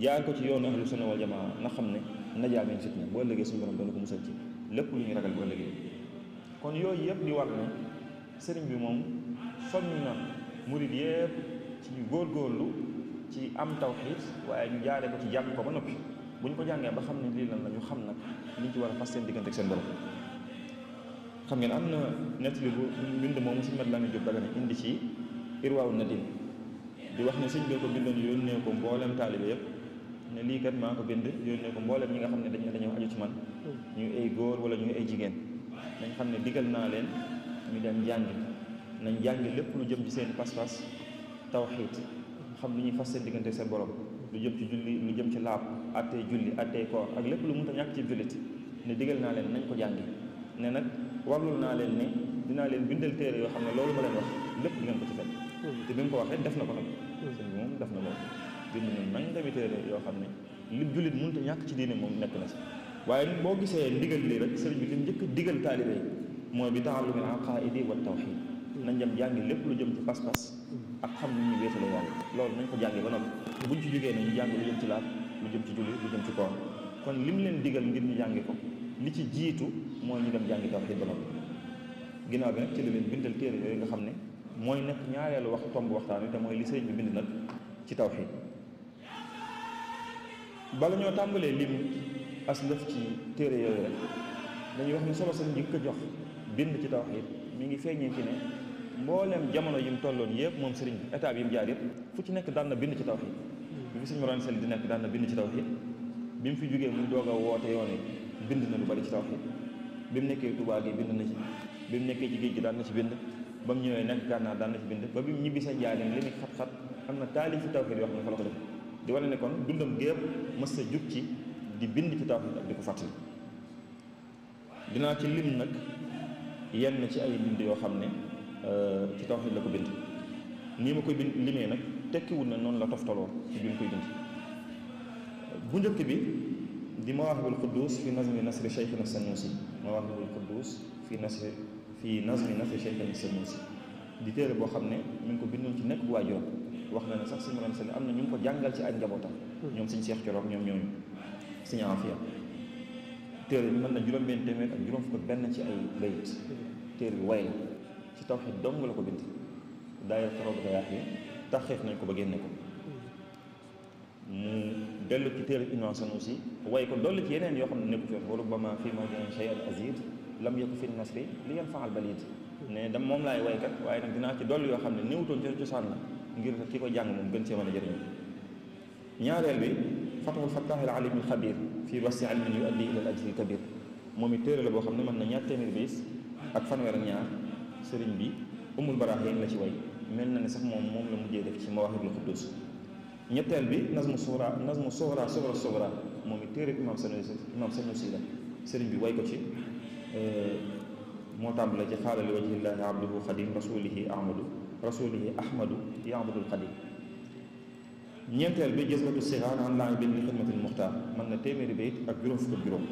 جارة كو يون أهل السنة والجماعة نخمنا نجا من فتنة بوالا جسم برم بانكم مسجد لكل من رجل بوالا جسم كون يو يبني ورنا سرين بموم فمنا murid yépp ci góorlu ci am tawxiid waaye ñu jaaree ko ci jàng ko ba noppi bu ñu ko jàngee ba xam ne lii lan la ñu xam nag liñ ci war a fas seen diggante seen borom xam ngeen am na nettali bu mbind moomu suñu mat Lamin Jóob Dagana indi ci irwaaw nadim di wax ne sëñ bi ko bindoon yónnee ko mboolem taalibe yëpp ne lii kat maa ko bind yónnee ko mbooleem ñi nga xam ne dañ ne dañoo aju ci man hmm. ñu ay góor wala ñu ay jigéen dañ xam ne digal naa leen ñu dem jàngi nañ jàng lépp lu jëm ci seen pas-pas tawxiid xam lu ñuy fas seen diggante seen borom lu jëm ci julli lu jëm ci laab attee julli attee koor ak lépp lu mënta ñàkk ci jullit ne naa leen nañ ko jàngi ne nag warlul naa leen ne dinaa leen bindal téere yoo xam ma leen wax lépp ko ci fekk hmm. te bi mu ko def na ko nag hmm. sëñ bi def na loolu bind na nangami téere yoo xam ne li jullit mënta ñàkk ci diine moom nekk na si waaye boo gisee ndigal lii rek sëriñ bi li njëkk digal taalibe yi mooy bi a aqaidi wa tawxid nañ dem jàngi lépp lu jëm ci pas-pas ak xam ni ñu wéetaloo yàlla loolu nañ ko jàngi ba bu buñ ci jógee nañu jàng lu jëm ci laal lu jëm ci julli lu jëm ci koor kon lim leen digal ngir ñu jàngi ko li ci jiitu mooy ñu dem jàngi tawxiid ba noppi ginnaaw bi nag ci la leen téere yooyu nga xam ne mooy nekk ñaareelu wax tomb waxtaan wi te li sëriñ bi bind nag ci tawxiid bala ñoo tàmbalee lim as lëf ci téere yooyu rek dañuy wax ne solo sa njëkk jox bind ci tawxiid ñu ngi feeñee ci ne mboolem jamono yi mu tolloon yëpp moom sëriñ bi état yi mu jaar yëpp fu ci nekk daana bind ci tawxiid bi fi sëñ Mor Anta Sali daan na bind ci tawxiid bi mu fi jógee muy doog a woote yoon yi bind na lu bari ci tawxiid bi mu nekkee Tuubaa gi bind na ci bi mu nekkee ci géej gi daan na ci bind ba mu ñëwee nekk gànnaar daan na ci bind ba bi mu ñibbisee njaareem li muy xat-xat am na taalif ci tawxiid yoo xam ne fa la ko def di wane ne kon dundam gépp mës sa jug ci di bind ci tawxiid ak di ko fàttali dinaa ci lim nag yenn ci ay bind yoo xam ne ci tawhid la ko bind ni ma koy bind limee nag wul na noonu la toftaloo ci bi mu koy bind bu njëkk bi di ma wax bul quddus fi nazmi nasri cheikhina sanusi bul quddus fi nasri fi nazmi nasri cheikhina sanusi di téere boo xam ne mi ngi ko bindoon ci nekk waajuram wax na ne sax si maanaam seen am na ñu ko jàngal ci ak njabootam ñoom suñ cheikh coroog ñoom ñooñu suñu afiya téere bi mën na juróom-benn téeméer ak juróom fukk benn ci ay bayit téere bi way la ci tawxiid dong la ko bind daayira Rawdu Rayaahiin taxxiif nañ ko ba génne ko mu delu ci téere innocent aussi way ko dolli ci yeneen yoo xam ne nekku wala woon rubbama fii ma jëlee shay al azid lam yëku fi nasri li yanfa al balid ne dam mom lay way kat waye nak dina ci dolli yoo xam ne néewutoon ci cosaan la ngir ki ko jàng moom gën cee mën a jëriñoo ñaareel bi fatahul fatah al alim al khabir fi wasi ilmin yu addi ila al ajri kabir moom it téere la boo xam ne mën na ñaar téeméer bis ak fanweer ñaar sëriñ bi umul baraahin la ci way mel na ne sax moom moom la mujjee def ci mawaahibul quddus ñetteel bi nazmu suxra nazmu suxra suxra suxra moom it téere imam sanusi imam sanusi la sëriñ bi way ko ci moo tàmbale ci xaala li wajhillahi abduhu xadim rasulihi ahmadu rasulihi ahmadu yaabudul xadim ñeenteel bi jësbatu sixaan an laa bind li xidmatil muxtaar mën na téeméeri bayit ak juróom fukk ak juróom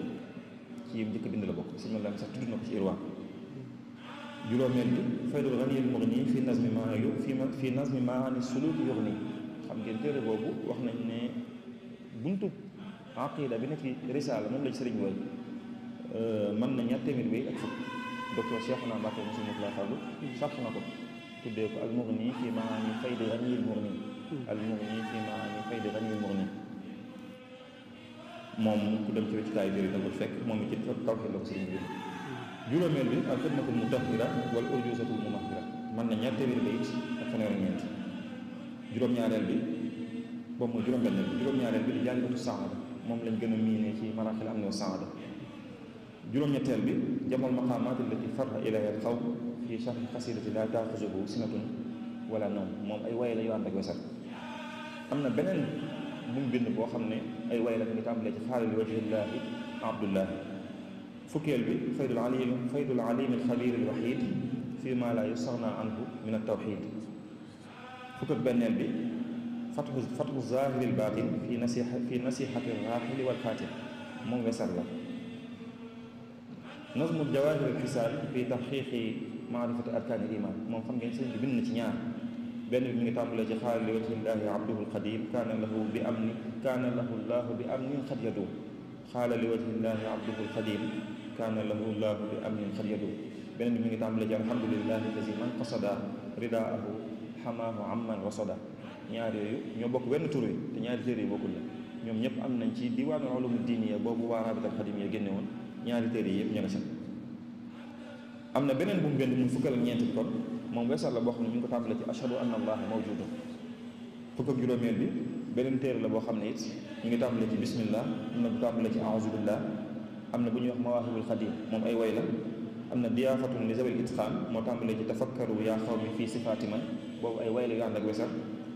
ci yim njëkk bind la bokk sëñ ma la sax tudd na ci irwaan يلومل فهاد الغني المغني في نظم معاني في ما في نظم معاني السلوك يغني خم جنتير بابو وحنا إن بنتو عقيدة في رسالة من لجسر جوال من نياتي من بي أكفر دكتور شيخنا باكر مسلم الله خالو شخصنا كم في المغني في معاني في غني المغني المغني في معاني فايد غني المغني مام كلهم في تكاي بيرد بس فك مام في توكل لوكسين بيرد جل ملبي أكتر نكون متفقرا والأوجوزة تكون ممفقرا من نجات البيت أكنون نجات جل ميارلبي بمو جل ملبي جل ميارلبي ديال بتو سعادة مملين جنو ميني كي مراحل أمنو سعادة جل ميتلبي جمال مقامات التي فرها إلى يرخو في شرح قصيدة لا تأخذه سنة ولا نوم مم أي ويل أيوان بجسر أمنا بنن بن بن بوخمني أي ويل أن يتعمل لتفعل لوجه الله عبد الله فكي البي فيد العليم فيد العليم الخبير الوحيد فيما لا يستغنى عنه من التوحيد فك بن البي فتح فتح الظاهر الباطن في نسيحة في نصيحة الراحل والفاتح من غسل الله نظم الجواهر الحساب في تحقيق معرفة أركان الإيمان من فهم جنسين بن تنيان بن بن تام لجخار لوجه الله عبده القديم كان له بأمن كان له الله بأمن قد يدوم قال لوجه الله عبده القديم kaana lahu laahu bi am nin xaryadu beneen bi mi ngi tàmbale ci alhamdulillahi alladi man qasada am xamaahu amman wasada ñaar yooyu ñoo bokk wenn tur yi te ñaari téere yi bokkul la ñoom ñëpp am nañ ci diwaanu ulumu diiniya boobu waa Raabital Xadimiya génne woon ñaari téere yi yëpp ña nga sax am na beneen bu mu bind mu fukkal ak ñeenti kon moom weesal la boo xam ne ñu ngi ko tàmbale ci ashhadu anna allaha mawjudun fukk ak juróomeel bi beneen téere la boo xam ne it ñu ngi tàmbale ci bismillah am na bu tàmbale ci auzu billah amna buñu wax mawaahibul khadim mom ay way la amna na li zawil itqan mo tambale ci tafakkaru ya khawmi fi sifati man bobu ay way la yu andak ak wesar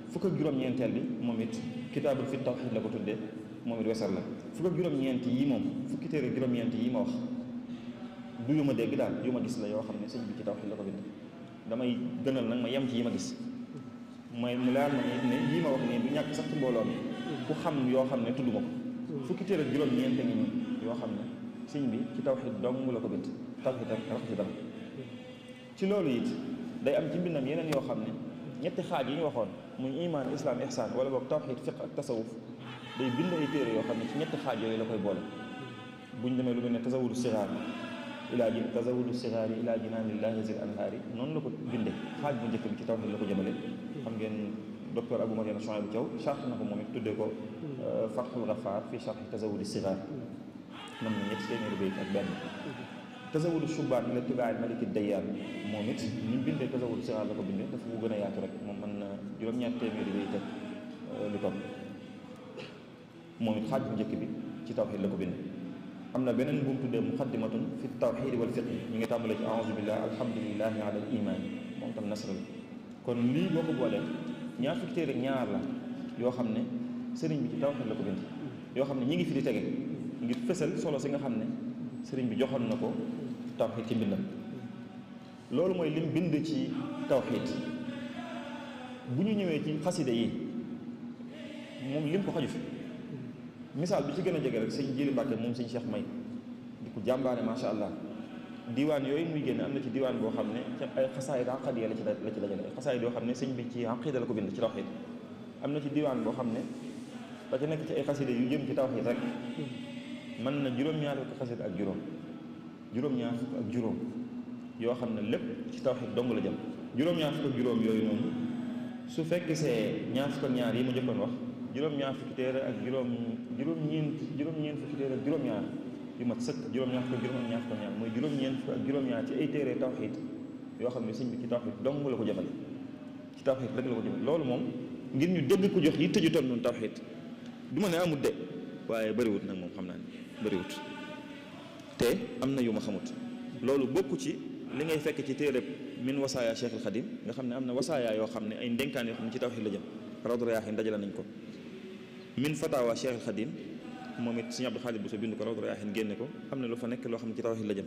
ak juroom ñentel bi momit kitabul fi tawhid la ko tudde momit it la fukk ak juroom ñent yi mom fukki tere juroom ñent yi ma wax du yuma deg dal yuma gis la yo xamne sëñ bi ci tawhid la ko bind damay gënal nak ma yam ci yima gis mooy mu laal ma ne yi ma wax ne du ñak sax ci mbooloo mi ku xam yo xamne ne ko fukki tere juroom ñent ngi nii yoo xam سين بي كي توحيد دوم لا كو بنت توحيد راك سي دام تي لولو ييت داي ام جي مبنام يينن يو خامني نيت خاج يي ايمان اسلام احسان ولا بوك توحيد فقه التصوف داي بيند اي تيري يو خامني نيت خاج يي لا كوي بول بوين ديمي لو ني تزاول الى جن تزاول الصغار الى جنان الله ذي الانهار نون لا كو بيند خاج بو نيت كي توحيد لا كو جيمالي دكتور ابو مريم شعيب تيو شرح نكو مومي تودي كو فتح الغفار في شرح تزاول الصغار mën na ñetti téeméeri bayit ak benn tasawulu subbaan ila tibaa malik dayyaan moom it ni mu bindee tasawulu siraar la ko bindee dafa ko gën a yaatu rek moom mën na juróom-ñaar téeméeri bayit ak lu topp moom it xaaj bu njëkk bi ci tawxiid la ko bind am na beneen bu mu tuddee muqaddimatun fi tawxiid wal fiqh ñu ngi tàmbale ci aouzu billah alhamdulilahi ala al iman moom tam nasra bi kon lii boo ko boolee ñaar fukki téere ak ñaar la yoo xam ne sëriñ bi ci tawxiid la ko bind yoo xam ne ñi ngi fi di tege ngir fësal solo si nga xam ne sëriñ bi joxoon na ko tawxiid ci mbindam loolu mooy lim bind ci tawxiid bu ñu ñëwee ci xasida yi moom lim ko xaju fi misaal bi ci gën a jege rek sëñ Jili Mbàkke moom sëñ Cheikh May di ko jàmbaane macha allah diwaan yooyu muy génn am na ci diwaan boo xam ne ay xasaayid aqadiya la ci la ci dajale ay xasaayid yoo xam ne sëñ bi ci aqida la ko bind ci tawxiid am na ci diwaan boo xam ne da ci nekk ci ay xasida yu jëm ci tawxiid rek mën na juróom-ñaar fukki xasida ak juróom juróom-ñaar ak juróom yoo xam ne lépp ci tawxiid dong la jëm juróom-ñaar fukk ak juróom yooyu noonu su fekkee see ñaar fukk ak ñaar yi ma jëkkoon wax juróom-ñaar fukki téere ak juróom juróom-ñeent juróom-ñeent fukki téere ak ñaar yu mat sëkk juróom-ñaar fukk juróom ñaar mooy juróom-ñeent ci ay téere tawxiid yoo xam ne sëñ bi ci tawxiid dong la ko jëmale ci tawxiid loolu moom ngir ñu dégg ko jox yi tëju toll noonu tawxiid du ma ne amut de waaye bëriwut nag moom xam naa bëriwut te amna na yu ma xamut loolu bokku ci li ngay fekk ci téereb min wasaaya Cheikhul Xadim nga xam ne am na wasaaya yoo xam ne ay ndenkaan yoo xam ne ci tawxiid la jëm rawdu rayaaxiin dajale nañ ko min fatawa Cheikhul Xadim moom it Serigne Abdou Khadir Bousso bind ko rawdu rayaaxiin génne ko am lu fa nekk loo xam ci tawxiid la jëm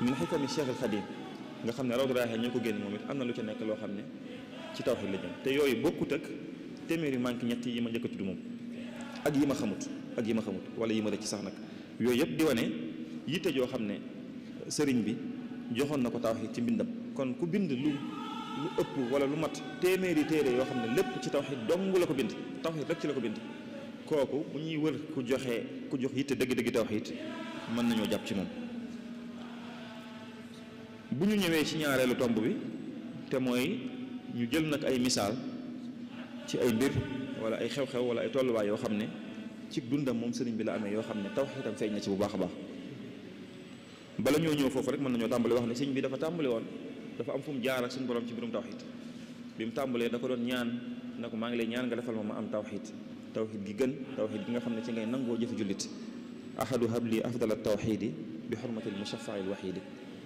min xikami Cheikhul Xadim nga xam ne rawdu rayaaxiin ñoo ko génne lu ca nekk loo xam ci tawxiid la jëm te yooyu bokkut ak téeméeri manque ñett yi ma njëkk a ak yi xamut ak yi ma xamut wala yi ma ci sax nag yooyu yëpp di wane yitte joo xam ne sëriñ bi joxoon na ko tawxiid ci mbindam kon ku bind lu lu ëpp wala lu mat téeméeri téere yoo xam ne lépp ci tawxiid dong la ko bind tawxiid rek ci la ko bind kooku bu ñuy wër ku joxe ku jox yitte dëgg-dëgg tawxiid mën nañoo jàpp ci moom bu ñu ñëwee ci ñaareelu tomb bi te mooy ñu jël nag ay misaal ci ay mbir wala ay xew-xew wala ay tolluwaay yoo xam ne ci dundam mom serigne bi la amé yo xamné tawhidam tawxiitam feeñ na ci bu baax baax bala ñoo ñëw fofu rek mëna ñoo tambalé wax né serigne bi dafa tambalé won dafa am fu mu jaar ak suñu borom ci tawhid bi mu da doon ñaan na ma ngi lay ñaan nga defal ma ma am tawhid, tawhid gi gën tawhid gi nga xamné ci ngay nangoo jëf julit ahadu habli afdal tawhid bi xormatil al wahid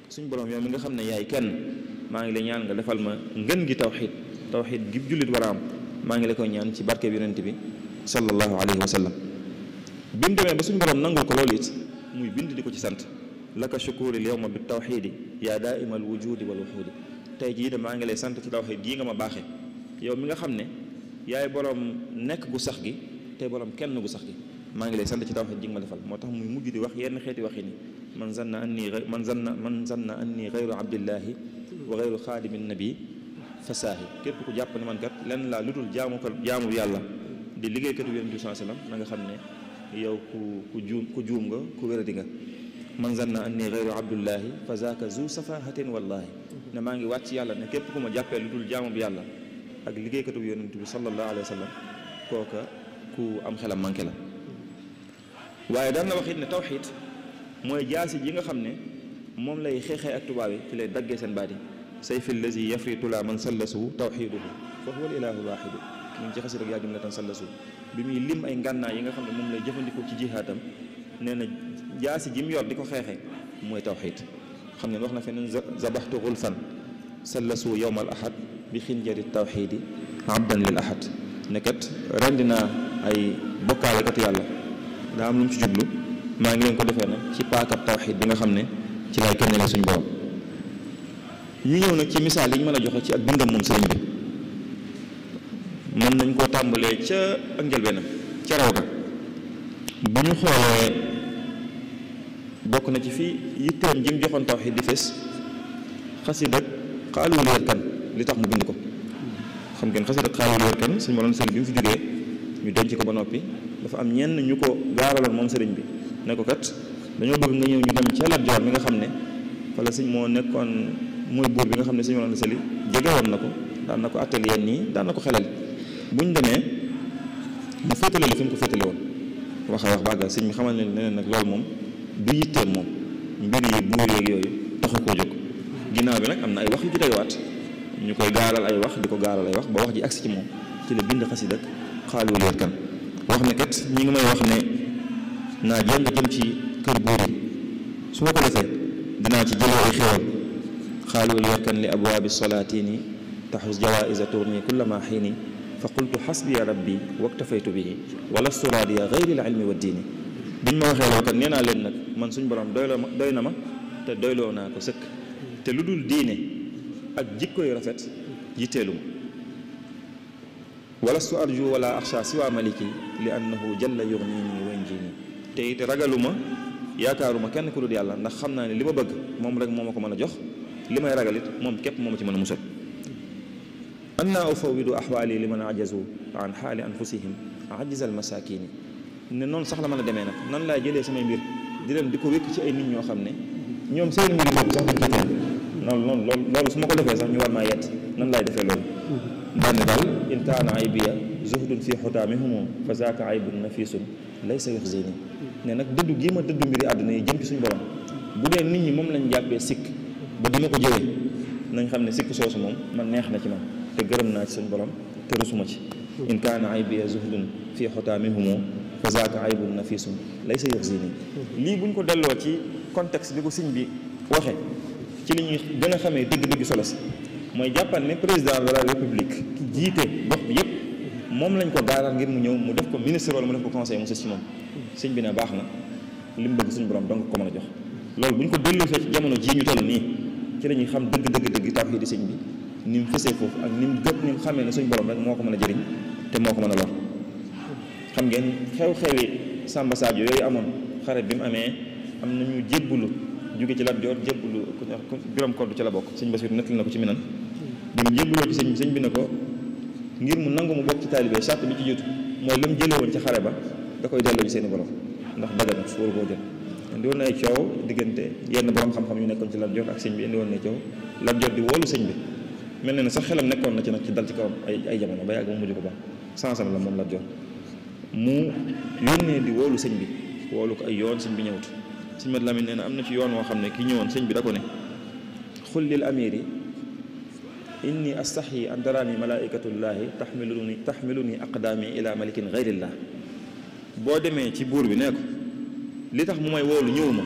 suñu borom yow mi nga xamné yaay kenn ma ngi lay ñaan nga defal ma ngeen gi tawhid tawhid gi julit ngi lay ko ñaan ci barke bi yonent bi sallallahu alaihi wasallam. bi mu demee ba suñu borom nangul ko loolu it muy bind di ko ci sant laka shukuri l yowma bi tawxiidi yaa daa imal wujudi wal wuxuudi tey jii de maa ngi lay sant ci tawxiid gii nga ma baaxee yow mi nga xam ne yaay borom nekk gu sax gi tey borom kenn gu sax gi maa ngi lay sant ci tawxiid gi nga ma defal moo tax muy mujj di wax yenn xeeti waxi ni man zanna anni man zanna man zanna anni gayru abdillahi wa gayru xaadimi nabi fasaahi képp ku jàpp ne man kat lenn laa lu dul jaamu ko jaamu yàlla di liggéeykatu yonent bi sallallahu alayhi wasallam na nga xam ne yow ku ku juum ku juum nga ku wéradi nga man zanna anni ghayru abdullahi fa zaka zu safahatin wallahi ne maa ngi wàcc yàlla ne képp ku ma jàppee lu dul jaamu bi yàlla ak liggéeykatu ku am xelam manqué la waaye daan na wax it ne tawxiid mooy jaasi ji nga xam ne moom lay xeexee ak tubaab yi ci lay daggee seen baat yi sayfi yafritu la man sallasu tawxiduhu fa huwa al ilahu alwaxidu mu ngi ci xasirak yaa jumlatan sallasu bimi lim ay nganna yi nga xamne mom lay jëfëndiko ci jihadam neena jaasi jim yor diko xexé moy tawhid xamne waxna ne wax na feneen sallasu yawm al ahad bi khinjari tawhid abdan lil ahad ne kat rendi naa ay bokkaalekat yàlla da am lu ci jublu ma ngi len ko defé nag ci paakab tawhid bi nga xamne ci lay kenne la suñ borom ñu ñëw nak ci misal yi ñu mëna joxe ci ak bindam moom sëriñ bi mën nañ koo tàmbalee ca ak njëlbeenam ca raw ga bu ñu xoolee bokk na ci fii yitteem jim joxoon tawxiid di fés xasida xaaluwul werkan li tax mu bind ko xam ngeen xasida xaaluwul werkan suñu moroon sëriñ bi mu fi jógee ñu denc ko ba noppi dafa am ñenn ñu ko gaaraloon moom sëriñ bi ne ko kat dañoo bëgg nga ñëw ñu ca Joor mi nga xam ne wala sëñ moo nekkoon mooy buur bi nga xam ne suñu moroon sëli jege woon na ko daan na ko yenn nii daan na ko xelal bu ñu demee mu féetale la fi mu ko féetale woon wax a wax bàggal sëñ bi xamal ne ne nag loolu moom du yitteem moom mbir yi buur yeeg yooyu taxu koo jóg ginnaaw bi nag am na ay wax yu ci tegawaat ñu koy gaaral ay wax di ko gaaral ay wax ba wax ji agsi ci moom ci la bind xasid ak xaalu leer kan wax ne kat ñi ngi may wax ne naa jàng jëm ci kër buur yi su ma ko defee dinaa ci jëlee ay xewal xaalu leer kan li abwaabi solaatini taxus jawaisa tourni kullama xiini فقلت حسبي يا ربي واكتفيت به ولست راضيا غير العلم والدين بما وخي لو كان نينا لين نك مان سون بروم دويلا دوينا ما تا دويلو ناكو سك تا ديني اك جيكو رافيت ولست ارجو ولا اخشى سوى ملكي لانه جل يغنيني وينجيني تي تي رغالوما ياكاروما كين كودو يالا ندا خمنا ني لي ما بغ موم رك موماكو مانا جوخ لي ماي رغاليت موم كيب موم تي مانا موسل أنا أفوض أحوالي لمن عجزوا عن حال أنفسهم عجز المساكين نون صح لما ندمنا نون لا جل اسمه بير ديرم ديكو ويك شيء نين يو خم نين يوم سير مين يوم صح نون نون نون نون اسمه كله فيصل نيوان ما يات نون لا يدفع لون من دال إنت أنا عيبيا زهد في حدامهم فزاك عيب نفيس ليس يخزيني نك ددو جيم ددو ميري أدني جيم كسوي بلام بدي نين يوم لنجاب بسيك بدي ما كجوي نين خم نسيك سوسمون من نيخ نكمل te gërëm naa ci suñ borom te rusuma ci in kaana aybiya zuhdun fii xotaaminhumu fa zaaka aybun nafisun laysa yaxzini lii buñ ko delloo ci contexte bi ko sëñ bi waxe ci li ñuy gën a xamee dëgg-dëgg solo si mooy jàppal ne président de la république ki jiite gox bi yépp moom lañ ko gaaral ngir mu ñëw mu def ko ministre wala mu def ko conseil mu sës ci moom sëñ bi ne baax na li mu bëgg suñu borom donc ko mën a jox loolu bu ñu ko delloo fee ci jamono jii ñu toll nii ci la ñuy xam dëgg dëgg dëgg tawxiidi sëñ bi ni mu fësee foofu ak ni mu gëm ni mu xamee ne suñ borom rek moo ko mën a jëriñ te moo ko mën a lor xam ngeen xew-xewi Samba Sadio yooyu amoon xare bi mu amee am na ñu jébbulu jóge ci Lat Joor jébbulu ku ñuy wax Biram Koddu ci la bokk sëñ Basiru nettali na ko ci minan bi mu jébbuloo ci sëñ bi ne ko ngir mu nangu mu bokk ci taalibe charte bi ci jiitu mooy lu mu jëlee woon ci xare ba da koy delloo ci seeni borom ndax daganut wóoru koo jël indi woon na ay coow diggante yenn borom xam-xam yu nekkoon ci Lat Joor ak sëñ bi indi woon na coow Lat Joor di wóolu sëñ bi mel na ne sax xelam nekkoon na ci nag ci dal ci kawam ay ay jamono ba yàgg mu mujj ko baax sansam la moom la jox mu yónnee di woolu sëñ bi woolu ko ay yoon sëñ bi ñëwut sëñ Mat Lamin nee na am na ci yoon woo xam ne ki ñëwoon sëñ bi da ko ne xul lil amiri inni astaxyi an taraani malaikatullaahi taxmiluni taxmiluni aqdaami ila malikin gayrillah boo demee ci buur bi nee ko li tax mu may woolu ñëwuma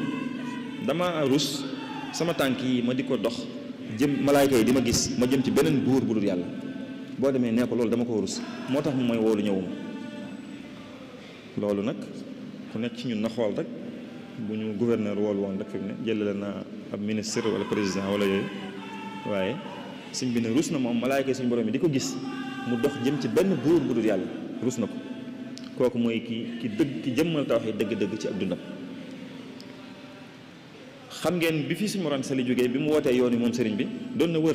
dama rus sama tànk yi ma di ko dox jëm malaayka yi di ma gis ma jëm ci beneen buur bu dul yàlla boo demee nee ko loolu dama ko rus moo tax mu mooy woolu ñëwuma loolu nag ku nekk ci ñun na xool rek bu ñu gouverneur woolu woon rek fi mu ne jëlale na ab ministre wala président wala yooyu waaye suñ bi ne rus na moom malaayka yi suñu borom yi di ko gis mu dox jëm ci benn buur bu dul yàlla rus na ko kooku mooy kii kii dëgg ki jëmmal tawxiid dëgg-dëgg ci ab dundam xam ngeen bi fi suñu moran sali jógee bi mu wootee yoon yi moom sëriñ bi doon na wër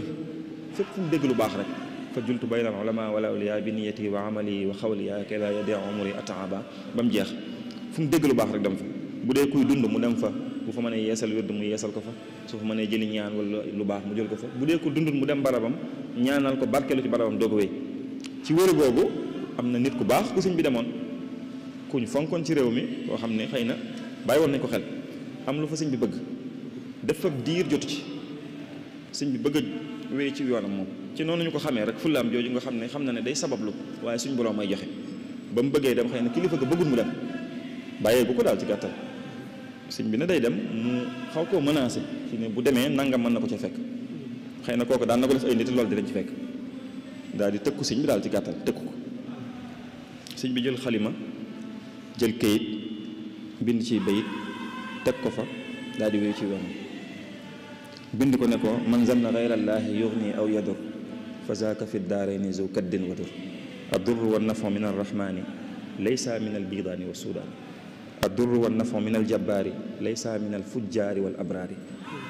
fépp fu mu dégg lu baax rek fa jultu bayna al ulama wala awliya bi niyati wa amali wa xawli ya kay la yadi umri ataaba ba jeex fu dégg lu rek fa kuy dund mu dem fa bu fa wérd mu ko fa su fa jëli ñaan wala lu baax mu jël ko fa bu ko dundul mu dem barabam ñaanal ko barkeelu ci barabam doog a ci wër googu am nit ku baax ku sëñ bi demoon ku ñu ci réew mi koo xam ne xëy nañ ko xel am lu fa sëñ bi bëgg def fa diir jotu ci sëñ bi bëgg a wéy ci yoonam moom ci noonu ñu ko xamee rek fullaam jooju nga xam ne xam na ne day sabablu waaye suñ borom may joxe ba mu bëggee dem xëy na kilifa ga bëggul mu dem bàyyee bu ko daal ci gàttal sëñ bi ne day dem mu xaw koo menacé ci ne bu demee nangam mën na ko ca fekk xëy na kooku daan na ko def ay nit loolu dinañ ci fekk daal di tëkku sëñ bi daal ci gàttal tëkku ko sëñ bi jël xalima jël kayit bind ci bayit teg ko fa daal di wéy ci yoonam bind ko ne ko man zanna gayrallaahi yugni aw yadur fa zaaka fi daarayni zu kaddin wadur addurru wannafu min arrahmani laysa min albidaani wa sudaani addurru wannafu min aljabbaari laysa min alfujjaari wal abraari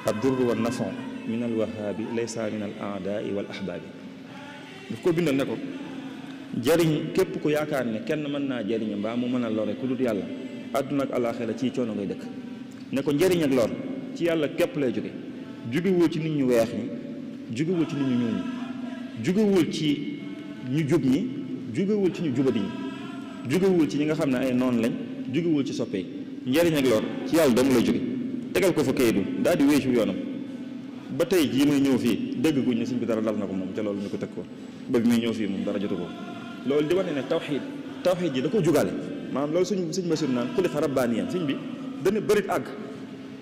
addurru wannafu min alwahaabi laysa min al aadaai wal ahbaabi daf ko bindal ne ko jariñ képp ku yaakaar ne kenn mën naa jariñ mbaa mu mën a lore ku dut yàlla àdduna ak àllaaxira ciy coono ngay dëkk ne ko njëriñ ak lor ci yàlla képp lay jóge jugewul ci nit ñu weex ñi jugewul ci nit ñu ñuul ci ñu jub ñi jugewul ci ñu jubadi ñi jugewul ci ñi nga xam ne ay noon lañ jugewul ci soppee njariñ ak lor ci yàlla dong lay jóge tegal ko fa kayit bi daal di wéy ci yoonam ba tey jii may ñëw fii dégg guñ ne sëñ bi dara dal na ko moom ca loolu ñu ko teg ko ba bi may ñëw fii moom dara jotu ko loolu di wane ne tawxiid tawxiid ji da ko jugale maam loolu suñ sëñ Basiru naan xuli fa rabbaaniyan sëñ bi dana bëri àgg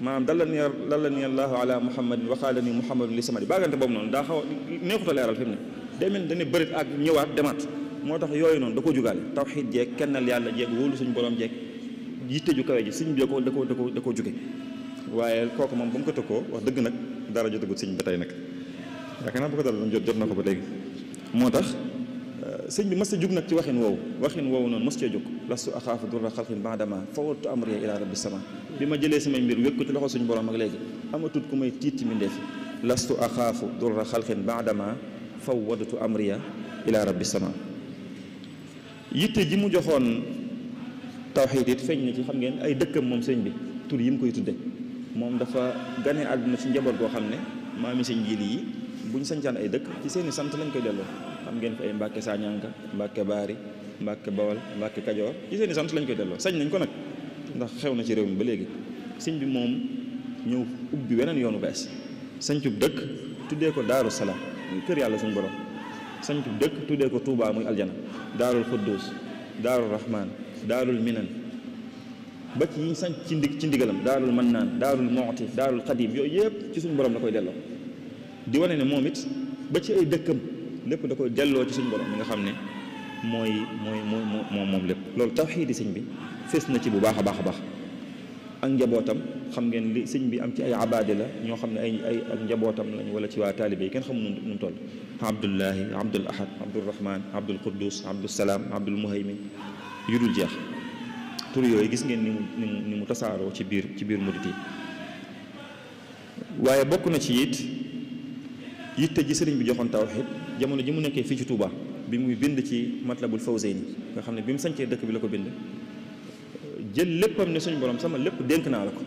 maanaam dallan dallan allahu ala muhammadin waxaala ni muhammadun li samadi baagante boobu noonu daa xaw a neexuta leeral fi mu ne demen dañu bërit ak ñëwaat demaat moo tax yooyu noonu da ko jugaale tawxiid jeeg kennal yàlla jeeg wóolu suñu borom jeeg yitte ju kawe ji sëñ bi da ko da ko da ko da ko juge waaye kooku moom ba mu ko tëkkoo wax dëgg nag dara jotagut sëñ ba tey nag yaakaar naa bu ko dal jot jot na ko ba léegi moo tax sëñ bi mas a jug nag ci waxin woowu waxin woowu noonu mas cee jug lastu axaafu durra xalqin baadama fawattu amriya ilaa rabbi sama bi ma jëlee samay mbir wékk ko ci loxo suñu borom ak léegi amatut ku may tiit ci mbindeef lastu axaafu durra xalqin baadama fawwadtu amriya ilaa rabbi sama yitte ji mu joxoon tawxiid it feeñ na ci xam ngeen ay dëkkam moom sëñ bi tur yi mu koy tudde moom dafa gane àdduna ci njaboot goo xam ne maami sëñ njiil yi bu ñu sañcaan ay dëkk ci seeni sant lañ koy delloo am ngeen fi ay mbàkke sañanka mbàkke baari mbàkke bawal mbàkke kajoor ci seen sant lañ koy delloo sañ nañ ko nag ndax xew na ci réew mi ba léegi sëñ bi moom ñëw ubbi weneen yoonu bees sañcub dëkk tuddee ko daaru salaam muy kër yàlla suñu borom bu dëkk tuddee ko tuubaa muy aljana daarul xuddus daarul rahman daarul minan ba ci yiñ sañ ci ndig ci ndigalam daarul mannaan daarul mooti daarul xadim yooyu yëpp ci suñu borom la koy delloo di wane ne ci ay dëkkam lépp da ko jallo ci suñu borom nga xamne moy moy moy mom mom lépp lolou tawhid sëñ bi fess na ci bu baax a bax ak njabotam xam ngeen li sëñ bi am ci ay abade la ño xamne ay ay ak njabotam lañ wala ci wa taalibe ken xam xamu nu mu toll abdullahi abdul ahad abdul rahman abdul quddus abdul salam abdul muhaymin yudul jeex tur yoy gis ngeen ni ni mu tasaro ci bir ci bir murit waye bokku na ci it yitte ji sëriñ bi joxoon tawxiid jamono ji mu nekkee fii ci Touba bi muy bind ci matlabul fawzeyni nga xam ne bi mu sancee dëkk bi la ko bind jël léppam ne suñu borom sama lépp dénk naa la ko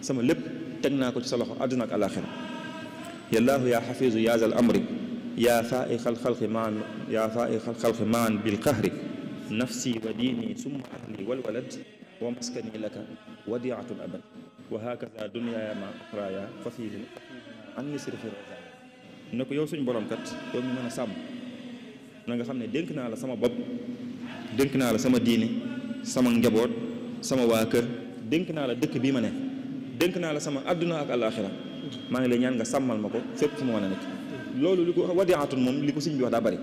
sama lépp teg naa ko ci sa loxo àdduna ak alaaxira yallaahu yaa xafiisu yaa zal amri yaa faaiqal xalqi maan yaa faaiqal xalqi maan bil qahri nafsi wa diini summa ahli wal walad wa maskani laka wadiatun abad wa hakaza dunyaaya ma axraaya fa fiihi an nisri fi raza ne ko yow suñu boroomkat kat yow mi mën a sàmm na nga xam ne dénk naa la sama bopp dénk naa la sama diini sama njaboot sama waa kër dénk naa la dëkk bii ma ne dénk naa la sama àdduna ak alaaxira maa ngi lay ñaan nga sàmmal ma ko fépp fu ma mën a nekk loolu li ko wadiatun moom li ko sëñ bi wax daa bari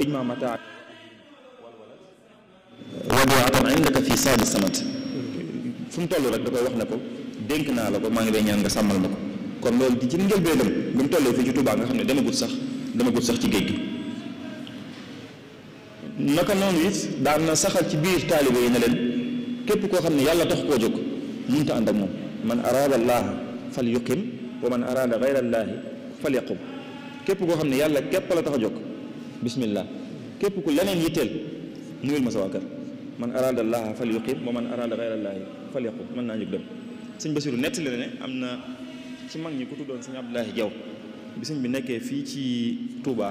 ijma mata wadiatun indaka fi saadi sanat fu mu toll rek da koy wax ne ko dénk naa la ko maa ngi lay ñaan nga sàmmal ma ko kon lool di ci ngeel njëlbeenam bu mu tollé fi ci Touba nga xamné dama gut sax dama gut sax ci géej gi naka non it da na saxal ci biir taalibe yi ne leen képp koo xam yàlla tax ko jóg mu ta ànd ak mom man arada allah falyuqim wa man arada ghayra allah falyaqum yaqum képp koo xam yàlla képp la tax jóg bismillah képp ko leneen yitteel nuyul ma sa man arada allah falyuqim wa man arada ghayra allah falyaqum man na jóg dem seigne basirou nettali na ne am ci mag ñi ku tuddoon sëñ Abdoulaye Diaw bi sëñ bi nekkee fii ci Touba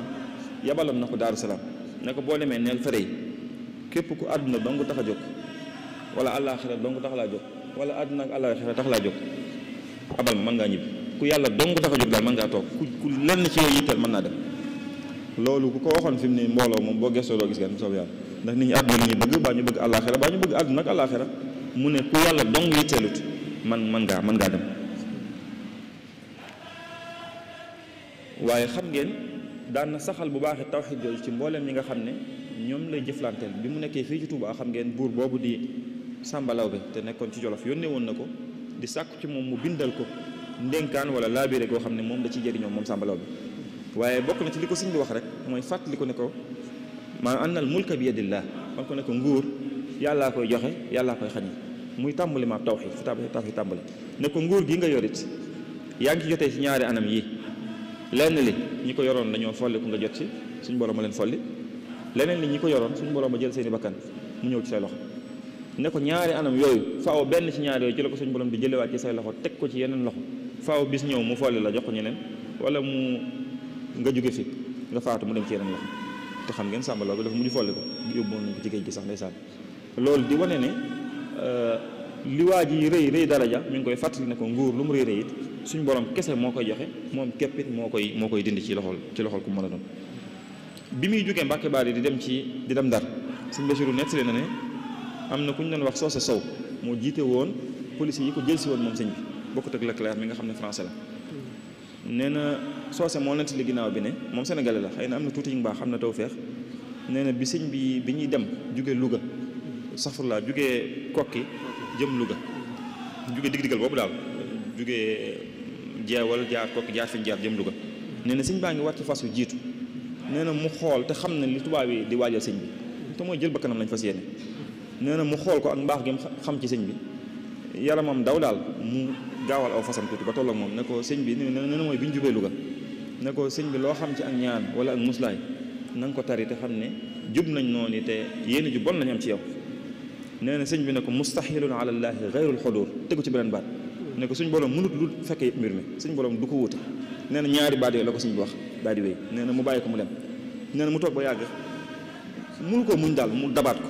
yabaloon na ko Daaru Salaam ne boo demee neel fere yi képp ku àdduna dong tax a jóg wala àllaaxira dong tax laa jóg wala àdduna ak àllaaxira tax laa jóg abal ma man ngaa ñibbi ku yàlla dong tax a jóg daal mën ngaa toog ku ku lenn ci yooyu yitteel mën naa dem loolu ku ko waxoon fi mu ne mbooloo moom boo gëstoo doo gis gan soob yàlla ndax nit ñi àdduna la ñuy bëgg baa ñu bëgg àllaaxira baa ñu bëgg àdduna ak àllaaxira mu ne ku yàlla dong man mën ngaa mën ngaa dem waaye xam ngeen daan na saxal bu baax tawxiid jooju ci mbooleem ñi nga xam ne ñoom lay jëflanteel bi mu nekkee fii ci Touba xam ngeen buur boobu di sàmbalaw bi te nekkoon ci Jolof yónnee woon na ko di sàkku ci moom mu bindal ko ndénkaan wala laabire koo xam ne moom da ciy jëriñoo moom sàmbalaw bi waaye bokk na ci li ko sëñ bi wax rek mooy fàttali ko ne ko maa annal mulka bi yadillah man ko ne ko nguur yàllaa koy joxe yàllaa koy xañe muy tàmbali maam tawxiid fu tawxiid tàmbali ko nguur gi nga yorit yaa ngi ci ñaari anam yi lenn li ñi ko yoroon dañoo folli ku nga jot ci suñ borom a leen folli leneen li ñi ko yoroon suñu borom a jël seeni bakkan mu ñëw ci say loxo ne ko ñaari anam yooyu faw benn ci ñaari yooyu ci la ko suñu borom di jëlewaat ci say loxo teg ko ci yeneen loxo faaw bis ñëw mu folli la jox ko ñeneen wala mu nga jóge fi nga faatu mu dem ci yeneen te xam ngeen sàmbaloo bi dafa mujj folli ko yóbbu nañ ci géej gi sax ndeysaan loolu di wane ne euh, li waa ji rëy rëy daraja mi ngi koy fàttali ne ko nguur lu mu rëy rëy it suñ borom kese moo koy joxe moom képpit moo koy moo koy dindi ci loxol ci loxol ku mën a doon bi muy jógee baar yi di dem ci di dem Ndar suñ Basiru nettali na ne am na ku ñu doon wax Soose Sow moo jiite woon policiers yi ko jël si woon moom sëñ bi bokkut ak Leclerc mi nga xam ne français la nee na Soose moo nettali ginnaaw bi ne moom senegale la xëy na am na tuuti yu baax xam na taw feex nee na bi sëñ bi bi ñuy dem jóge Louga safurla jóge Kokki jëm luga jóge dig digal boobu daal jóge jeewal jaar ko jaar fi jaar dem duga neena na sëñ baa ngi war ci fas mu xol te xamna li tuba yi di wajjal sëñ bi te moy jël bakanam lañ fasiyene neena mu xol ko ak mbax gi xam ci sëñ bi yalla mom daw dal mu gawal aw fasam tuti ba tolo mom ne ko sëñ bi neena moy biñ jubé luga jubee ne ko sëñ bi lo xam ci ak ñaan wala ak muslay nang ko tari te xamne jub nañ noni te yéen ju bon lañ am ci yow neena na sëñ bi ne ko mustaxilun ala llaahi xayrul xudur tegu ci benen baat ne ko suñ borom mënut lu fekkee mbir mi suñ borom du ko wuute nee na ñaari baat yooyu la ko suñ bi wax daal di nee na mu bàyyi ko mu dem nee na mu toog ba yàgg mënu ko muñ daal mu dabaat ko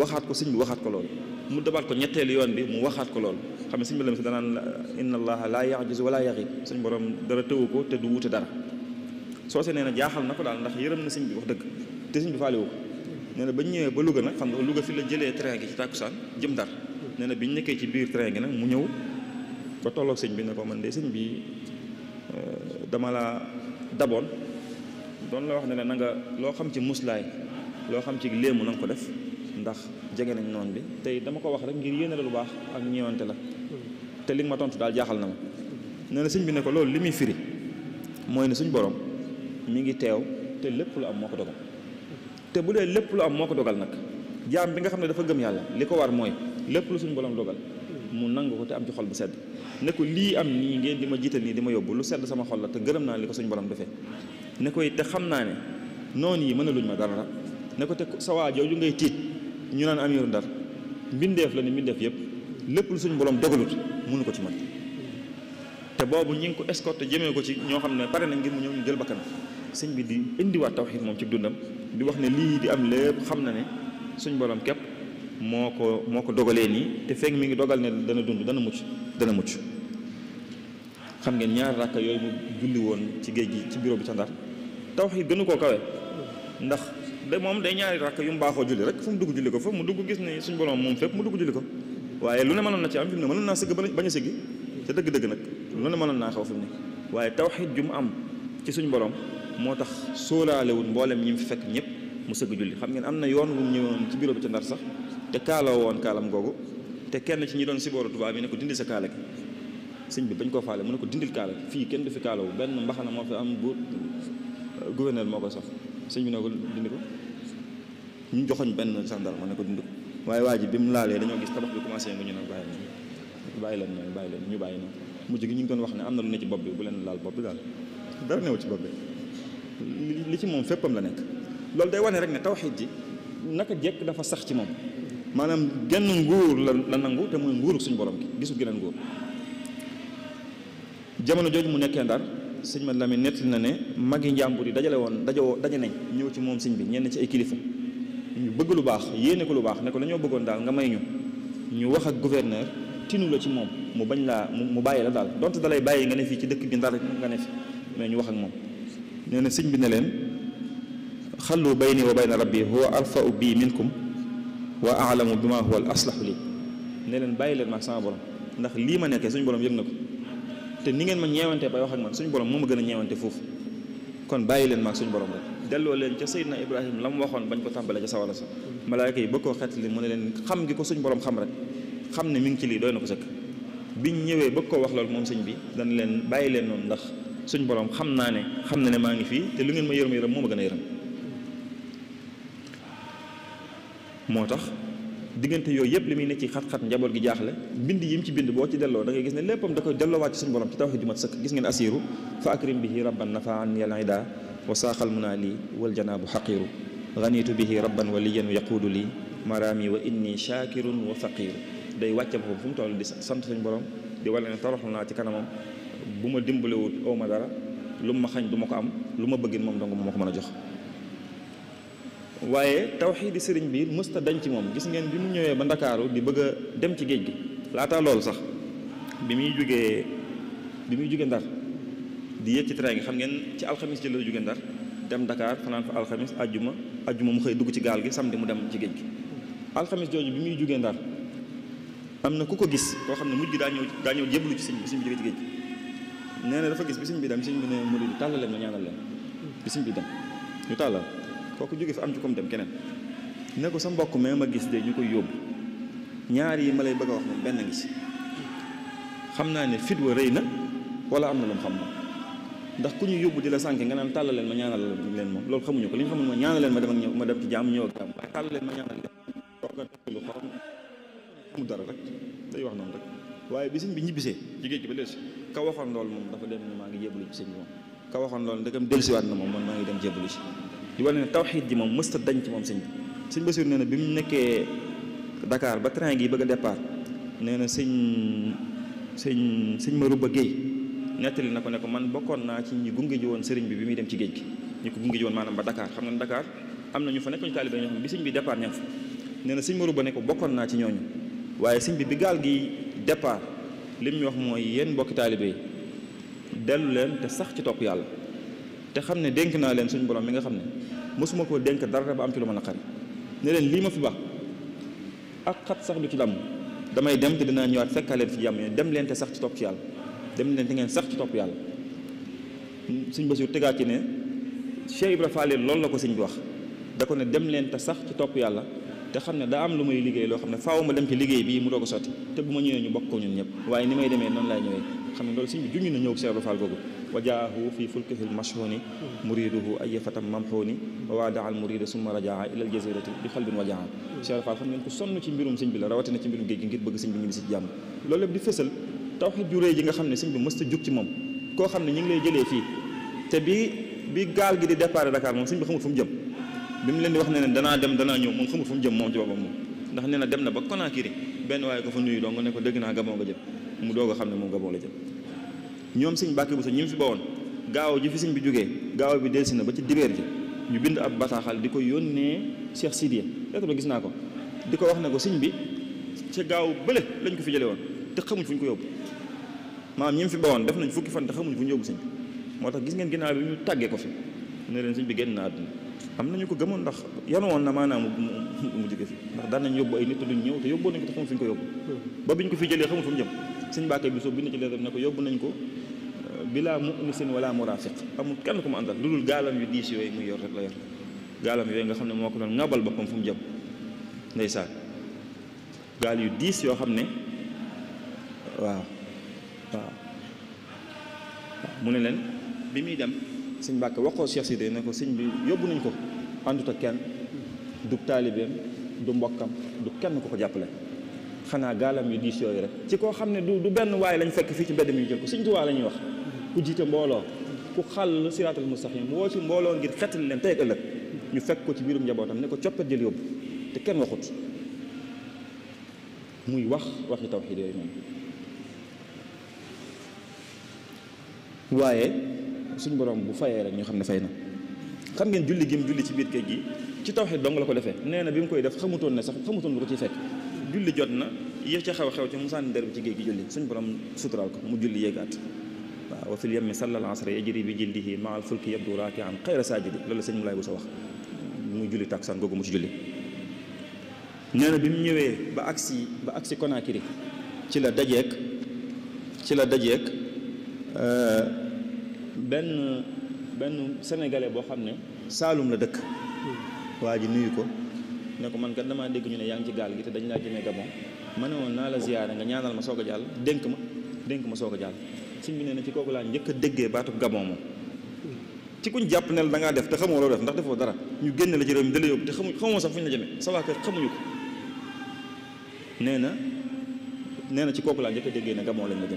waxaat ko suñ bi waxaat ko loolu mu dabaat ko ñetteelu yoon bi mu waxaat ko loolu xam ne suñ bi la si danaan inna allaha laa yajizu wala yaxib suñ borom dara tëwu ko te du wuute dara soo see nee na jaaxal na ko daal ndax yërëm na suñ bi wax dëgg te suñ bi faalewu ko nee na ba ñëwee ba Louga nag xam nga Louga fi la jëlee train gi ci jëm Ndar nee na biñ nekkee ci biir train nag mu ñëw ba tolloog sëñ bi ne ko man de sëñ bi euh, dama la daboon doon la wax ne la na nga loo xam ci muslaay loo xam ci léemu na nga ko def ndax jege nañ noon bi tey dama ko wax rek ngir yéene la lu baax ak ñeewante la te li nga ma tontu daal jaaxal na ma nee na sëñ bi ne ko loolu li muy firi mooy ne suñ borom mi ngi teew te lépp lu am moo ko dogal te bu dee lépp lu am moo ko dogal nag jaam bi nga xam ne dafa gëm yàlla li ko war mooy lépp lu suñ borom dogal mu nangu ko te am ci xol bu sedd ne ko lii am nii ngeen di ma jiital nii di ma yóbbu lu sedd sama xol la te gërëm naa li ko suñu borom defee ne koy te xam naa ne noonu yi mën a luñ ma dara ne ko te sa waa jooju ngay tiit ñu naan amiru ndar mbindeef la ni mbindeef yëpp lépp lu suñu borom dogalut mënu ko ci man te boobu ñu ngi ko escorté jëmee ko ci ñoo xam ne pare na ngir mu ñëw ñu jël bakkan suñ bi di indiwaat tawxiid moom ci dundam di wax ne lii di am xam na ne suñ borom képp moo ko moo ko dogalee nii te fekk mi ngi dogal ne dana dund dana mucc dana mucc xam ngeen ñaari rakka yooyu mu julli woon ci géej gi ci biro bi ca Ndar tawhiid gënu koo kawe ndax de moom day ñaari rakk yu mu baaxoo julli rek fu mu dugg julli ko foofu mu dugg gis ne suñ borom moom fépp mu dugg julli ko waaye lu ne mënoon na ci am fi mu ne mënoon naa sëgg bañ a sëggi te dëgg-dëgg nag lu ne mënoon naa xaw fi mu ne waaye tawhiid ju mu am ci suñu borom moo tax sóolaalewul mboolem ñi mu fi fekk ñëpp mu sëgg julli xam ngeen am na yoon wu mu ci bureau bi ca Ndar sax te kaaloo woon kaalam googu te kenn ci ñi doon sibooru tubaab yi ne ko dindi sa kaala gi sëñ bi bañ koo faale mu ne ko dindil kaala gi fii kenn du fi kaalawu benn mbaxana moo fi am bu euh, gouverneur moo ko sax sëñ bi ne ko dindi ko ñu joxoñ benn gendarme ma ne ko dindi ko waaye waa ji bi mu laalee dañoo gis tabax bi commencé nga ñu nag bàyyi leen bàyyi leen mooy bàyyi leen ñu bàyyi mujj gi ñu ngi doon wax ne am na lu ne ci bopp bi bu leen laal bopp bi daal ci bopp bi li ci moom féppam la nekk loolu day wane rek ne tawxiid ji naka jekk dafa sax ci moom maanaam genn nguur la la nangu te muy nguuru suñu borom gi gisul geneen nguur jamono jooju mu nekkee ndar sëñ ma Lamin nettali na ne mag yi njàmbur yi dajale woon dajawoo woo nañ ñëw ci moom sëñ bi ñenn ci ay kilifa ñu bëgg lu baax yéene ko lu baax ne ko bëggoon daal nga may ñu ñu wax ak gouverneur tinu la ci moom mu bañ laa mu bàyyi la daal donte dalay bàyyi nga ne fii ci dëkk bi ndar nga ne fi mais ñu wax ak moom nee na sëñ bi ne leen xallu bayni wa bayna bi huwa arfau bi minkum wa aalamu bi ma huwa al aslahu li ne leen bàyyi leen maag sama borom ndax lii ma nekkee suñu borom yëg na ko te ni ngeen ma ñeewante bay wax ak man suñu borom moo ma gën a ñeewante foofu kon bàyyi leen maag suñu borom rek delloo leen ca Seydina Ibrahima la mu waxoon bañ ko tàmbalee ca sawara sa malaayka yi bëgg koo xeetali mu ne leen xam gi ko suñu borom xam rek xam ne mi ngi ci lii doy na ko sëkk biñ ñëwee bëgg koo wax loolu moom sëñ bi dana leen bàyyi leen noonu ndax suñu borom xam naa ne xam na ne maa ngi fii te lu ngeen ma yërëm yërëm moo ma gën a yërëm motax digënté yoy yëpp limi nekk ci xat-xat njabol gi jaxlé bind yim ci bind bo ci dello da ngay gis ne léppam da koy dello wacc suñu borom ci tawhid ju mat sëkk gis ngeen asiru fa akrim bihi rabban nafaan yalida wa saqal munali wal janabu haqiru ghanitu bihi rabban waliyan yaqulu li marami wa inni shakirun wa faqir day wacc bo fu mu toll di sant suñu borom di walé ne taraxul na ci kanamam buma dimbalé dimbalewut aw ma dara luma xagn duma ko am luma bëggin mom dong moo ko mëna jox waaye tawxiidi sëriñ bi mësta dañ ci moom gis ngeen bi mu ñëwee ba ndakaaru di bëgg dem ci géej gi laata loolu sax bi muy jógee bi muy jógee ndar di yéeg ci train gi xam ngeen ci alxamis ji la jógee ndar dem Dakar fanaan fa alxamis ajjuma ajjuma mu xëy dugg ci gaal gi samedi mu dem ci géej gi alxamis jooju bi muy jógee ndar am na ku ko gis koo xam ne mujj gi daa ñëw daa ñëw jébbalu ci sëñ bi sëñ bi jógee ci géej gi nee na dafa gis bi sëñ bi dem sëñ bi ne murid tàllal leen ma ñu tàllal kooku jóge fa am ci comme dem keneen ne ko sa mbokk mee ma gis de ñu koy yóbbu ñaar yi ma lay bëgg a wax moom benn ngi si xam naa ne fit wa rëy na wala am na lu mu xam moom ndax ku ñu yóbbu di la sànq nga naan tàllal leen ma ñaanal leen moom loolu xamuñu ko li ñu xamul ma ñaanal leen ma dem ma dem ci jàmm ñëw ak mu dara rek day wax noonu rek waaye bi sëñ bi ñibbisee jigéen ci ba léegi ka waxoon loolu moom dafa dem ne maa ngi jébbalu ci sëñ bi moom na moom man maa ngi dem jébbalu si di wane ne tawxiid ji moom mësta dañ ci moom sëñ bi sëñ Basiru nee bi mu nekkee dakaar ba train gi bëgg a nee na sëñ sëñ sëñ Marouba Guèye nettali na ko ne man bokkoon naa ci ñi gunge ji woon sëriñ bi bi muy dem ci géej gi ñu ko gunge ji maanaam ba Dakar xam nga Dakar am na fa nekkoon taalibe ñoo bi sëñ bi départ ña fa nee ne ko bokkoon ci ñooñu waaye sëñ bi bi gaal gi départ li mu wax mooy yéen mbokki taalibe yi dellu leen te sax ci topp yàlla te xam ne dénk naa leen suñu borom mi nga xam ne mosuma koo dénk dara ba am ci lu ma naqari ne leen lii ma fi baax ak xat sax du ci damm damay dem te dinaa ñëwaat fekkaa leen fi jàmm dem leen te sax ci topp yàlla dem leen te ngeen sax ci topp yàlla suñ basiru tegaat ci ne Cheikh Ibra Fall loolu la ko sëñ bi wax da ko ne dem leen te sax ci topp yàlla te xam ne daa am lu may liggéey loo xam ne faaw ma dem ci liggéey bii mu doo ko sotti te bu ma ñëwee ñu bokk ko ñun ñëpp waaye ni may demee noonu lay ñëwee xam ne loolu sëñ bi junñu na ñëw Cheikh Ibra Fall googu wajaahu fi fulkihil mashhuni muriduhu ay fatam mamhuni wa waada al murida summa rajaa ila al jazirati bi xalbin wajaa Cheikh Ibra Fall xam ngeen ko sonn ci mbirum sëñ bi la rawatina ci mbirum géej gi ngir bëgg sëñ bi ñibbi si jàmm loolu lépp di fësal tawxid ju réy ji nga xam ne sëñ bi mës ta jug ci moom koo xam ne ñu ngi lay jëlee fii te bi bi gaal gi di départ Dakar moom sëñ bi xamul fu mu jëm bi mu leen di wax ne ne danaa dem danaa ñëw moom xamul fu mu jëm moom ci boppam moom ndax nee na dem na ba Conakry benn waaye ko fa nuyu dong ne ko dégg naa Gabon nga jëm mu doog a xam ne moom nga Gabon la jëm ñoom sëñ bu Buso ñi mu fi woon gaaw ji fi sëñ bi jógee gaaw bi delsi na ba ci dibeer ji ñu bind ab bataaxal di ko yónnee Cheikh Sidiya fekk ba gis naa ko di ko wax ne ko sëñ bi ci gaaw bële lañ ko fi jëlee woon te xamuñ fu ñu ko yóbbu maanaam ñi mu fi bawoon def nañ fukki fan te xamuñ fu ñu yóbbu sëñ moo tax gis ngeen ginnaaw bi ñu tàggee ko fi ne leen sëñ bi génn na àdduna am nañu ko gëmoon ndax yan woon na maanaam mu mu jóge fi ndax daan nañ yóbbu ay nit te ñëw te yóbboo nañ ko te xamuñ fu hmm. ko fi jëlee xamuñ fu mu sëñ Mbàkke bi soo bind ci leeram ne ko yóbbu nañ ko euh, bilaa mu'misin wala muraafiq amul kenn ku mu àndal lu dul gaalam yu diis yooyu muy yor rek la yor gaalam yooyu nga xam ne moo ko doon ŋabal boppam fu mu jëm ndeysaan gaal yu diis yoo xam ne waaw mu ne leen bi muy dem sëñ Mbàkke waxoo Cheikh Sidé ne ko sëñ bi yóbbu nañ ko àndut kenn du taalibeem du mbokkam du kenn ku ko jàppale xana galam yu diis yooyu rek ci ko xamne du du ben way lañ fekk fi ci mbedd mi ñu jël ko seigne touba la wax ku jité mbolo ku xal siratul mustaqim wo ci mbolo ngir xettali leen tay ëlëk ñu fekk ko ci biirum njabootam ne ko coppet jël yob te kenn waxut muy wax waxi tawhid yoy noonu waye suñu borom bu fayé rek ñu xamne fayna xam ngeen julli gi mu julli ci biir géej gi ci tawxiid dong la ko defé neena bi mu koy def xamutone sax xamutone lu ko ci fekk julli jot na ya ca xew-xew ca mu sànni der bi ci géej gi julli suñ borom suturaal ko mu julli yéegaat waaw wa fil yammi sallal asra yajri bi jildihi ma al fulki yabdu raakian xayra saajidi loolu sëñ mu laay bu sa wax muy julli taksaan googu mu ci julli nee na bi mu ñëwee ba agsi ba agsi Conakry ci la dajeek ci la dajeek euh, benn benn sénégalais boo xam ne Saalum la dëkk waa ji nuyu ko ne ko man kat damaa dégg ñu ne yaa ngi ci gaal gi te dañ laa jëmee Gabon ma ne woon naa la ziyaara nga ñaanal ma soog a jàll dénk ma dénk ma soog a jàll sëñ bi nee na ci kooku laa njëkk a déggee baatu Gabon moom ci jàpp ne la ngaa def te xamoo loo def ndax defoo dara ñu génn la ci réew mi dala yóbbu te xamu xamoo sax fu ñu la jëmee sa waa nee na nee ci kooku laa njëkk a déggee ne Gabon lañ la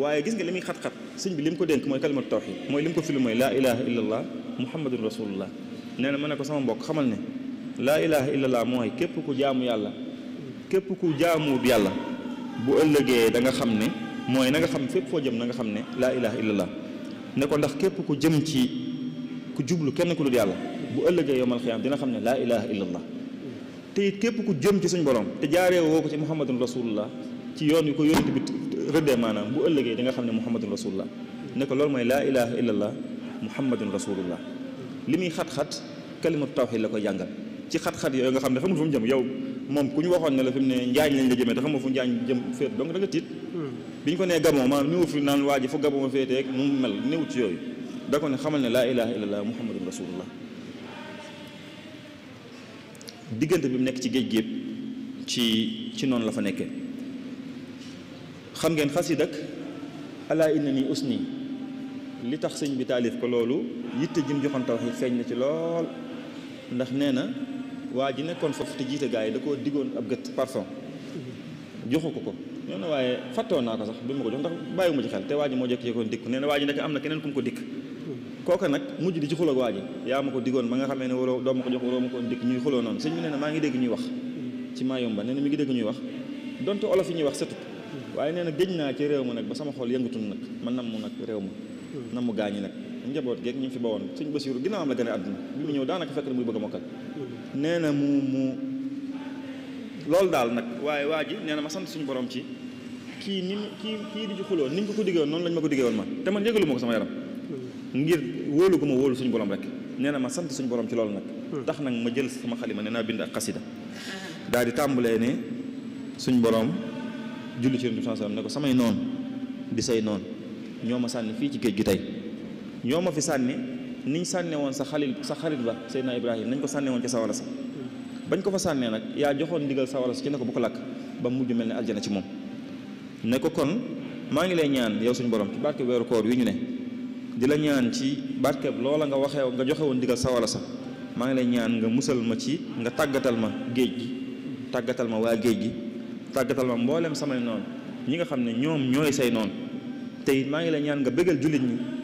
waaye gis nga li muy xat-xat sëñ bi li mu ko dénk mooy kalimatu tawxid mooy li mu ko fili mooy laa ilaha illa allah muhammadun rasulullah nee na ma ne ko sama mbokk xamal ne laa ilaha illallah mooy képp ku jaamu yàlla képp ku jaamuwut yàlla bu ëllëgee da nga xam ne mooy na nga xam fépp foo jëm na nga xam ne laa ilaha illallah ne ko ndax képp ku jëm ci ku jublu kenn ku dul yàlla bu ëllëgee yowmal xiyaam dina xam ne laa ilaha illallah te it képp ku jëm ci suñ borom te jaaree woo ko ci muhammadun rasulullah ci yoon yu ko yónent bi rëddee maanaam bu ëllëgee da nga xam ne muhammadun rasulullah ne ko loolu mooy laa ilaha illallah muhammadun rasulullah li muy xat-xat kalimatu tawxid la koy jàngal ci xat-xat yooyu nga xam ne xamul fu mu jëm yow moom ku ñu waxoon ne la fi mu ne njaañ lañ la jëmee te xamul fu njaañ jëm féet donc da nga tiit bi ñu ko nee gabon maanaam ñëw fi naan waa ji fu gabon féetee ak mu mel néew ci yooyu da ko ne xamal ne laa ilaha illallah muhammadun rasulullah diggante bi mu nekk ci géej gi yëpp ci ci noonu la fa nekkee xam ngeen xasida ak alaa inna ni usni li tax sëñ bi taalif ko loolu yitte jim joxoon tawxiid feeñ na ci lool ndax nee waa ji nekkoon foofu te jiite gars yi da koo digoon ab gët parfum joxu ko ko nee na waaye fàttewoon naa ko sax bi ma ko jox ndax bàyyiwu ma ci xel te waa ji moo jékki-jékkoon dikk nee na waa ji nekk am na keneen ku mu ko dikk kooka nag mujj di ci xuloo waaji yaa ma ko digoon ba nga xamee ne waroo doo ma ko jox waroo ma ko dikk ñuy xuloo noonu sëñ bi nee na maa ngi dégg ñuy wax ci Mayumba nee na mi ngi dégg ñuy wax donte olof yi ñuy wax setut waaye nee na géej naa ci réew ma nag ba sama xool yëngatun nag man nam mu nag réew ma nam mu gaañi nag njaboot geeg ñu fi suñ sëñ Basiru ginnaawam la gën a àdduna bi mu ñëw daanaka fekk na muy bëgg a mokkal nee na mu mu loolu daal nag waaye waa ji nee na ma sant suñu borom ci kii ni kii kii di ci xuloo ñu ko ko diggee woon lañ ma ko diggee woon ma te man yëgalu ma ko sama ngir wóolu ma wóolu suñu borom rek nee na ma sant suñu borom ci loolu nag tax nag ma jël sama xalima ne naa bind ak xasida daal di tàmbalee ne suñ boroom julli ci yonent bi sallallahu alayhi ne ko samay noon di say noon ñoo ma sànni fii ci géej gi tey ñoo ma fi sànni niñ sànne woon sa xalil sa xarit ba Seydina Ibrahim nañ ko sànne woon ca sawara sa bañ ko fa sànnee nag yaa joxoon ndigal sawara sa ci ne ko bu ko lakk ba mujj mel ni aljana ci moom ne ko kon maa ngi lay ñaan yow suñu borom ci barkeb weeru koor yu ñu ne di la ñaan ci barkeb loola nga waxee nga joxewoon woon ndigal sawara sa maa ngi lay ñaan nga musal ma ci nga tàggatal ma géej gi tàggatal ma waa géej gi tàggatal ma mbooleem samay noonu ñi nga xam ne ñoom ñooy say noonu te maa ngi lay ñaan nga bëggal jullit ñi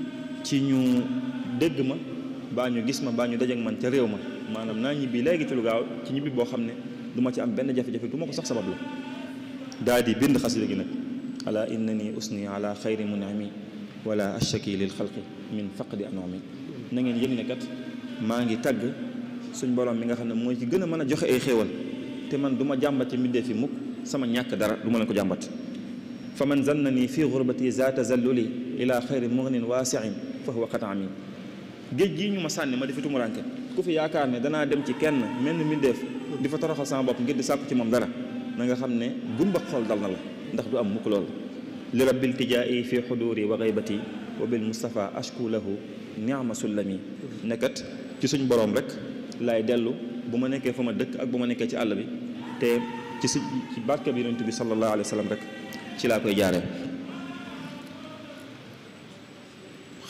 ci ñu dégg ma baa ñu gis ma baa ñu dajeeg man ca réew ma maanaam naa ñibbi léegi ci lu gaaw ci ñibbi boo xam ne du ma ci am benn jafe-jafe du ma ko sax sabab la daal di bind xasida gi nag ala innani usni ala xayri munami wala ashaki lil xalqi min faqdi anami na ngeen yëg ne kat maa ngi tagg suñ borom mi nga xam ne mooy ci gën a mën a joxe ay xéewal te man du ma jàmbat ci mbindee fi mukk sama ñàkk dara du ma leen ko jàmbat fa man zannani fi gurbati zaata zalluli ila xayri mugnin waasiin fa huwa xataami géej gii ñu ma sànni ma defi tumuranke ku fi yaakaar ne danaa dem ci kenn mel ni mbindeef di fa toroxal sama bopp ngir di sàkku ci moom dara na nga xam ne gumba xool dal na la ndax du am mukk lool li rabbil tijaa'i fi xuduuri wa gaybati wa bil mustafa ashku lahu ni'ma sullami nekkat ci suñ boroom rek laay dellu bu ma nekkee fa ma dëkk ak bu ma nekkee ci àll bi te ci si ci bi yonent bi sallallahu alayhi wa sallam rek ci laa koy jaaree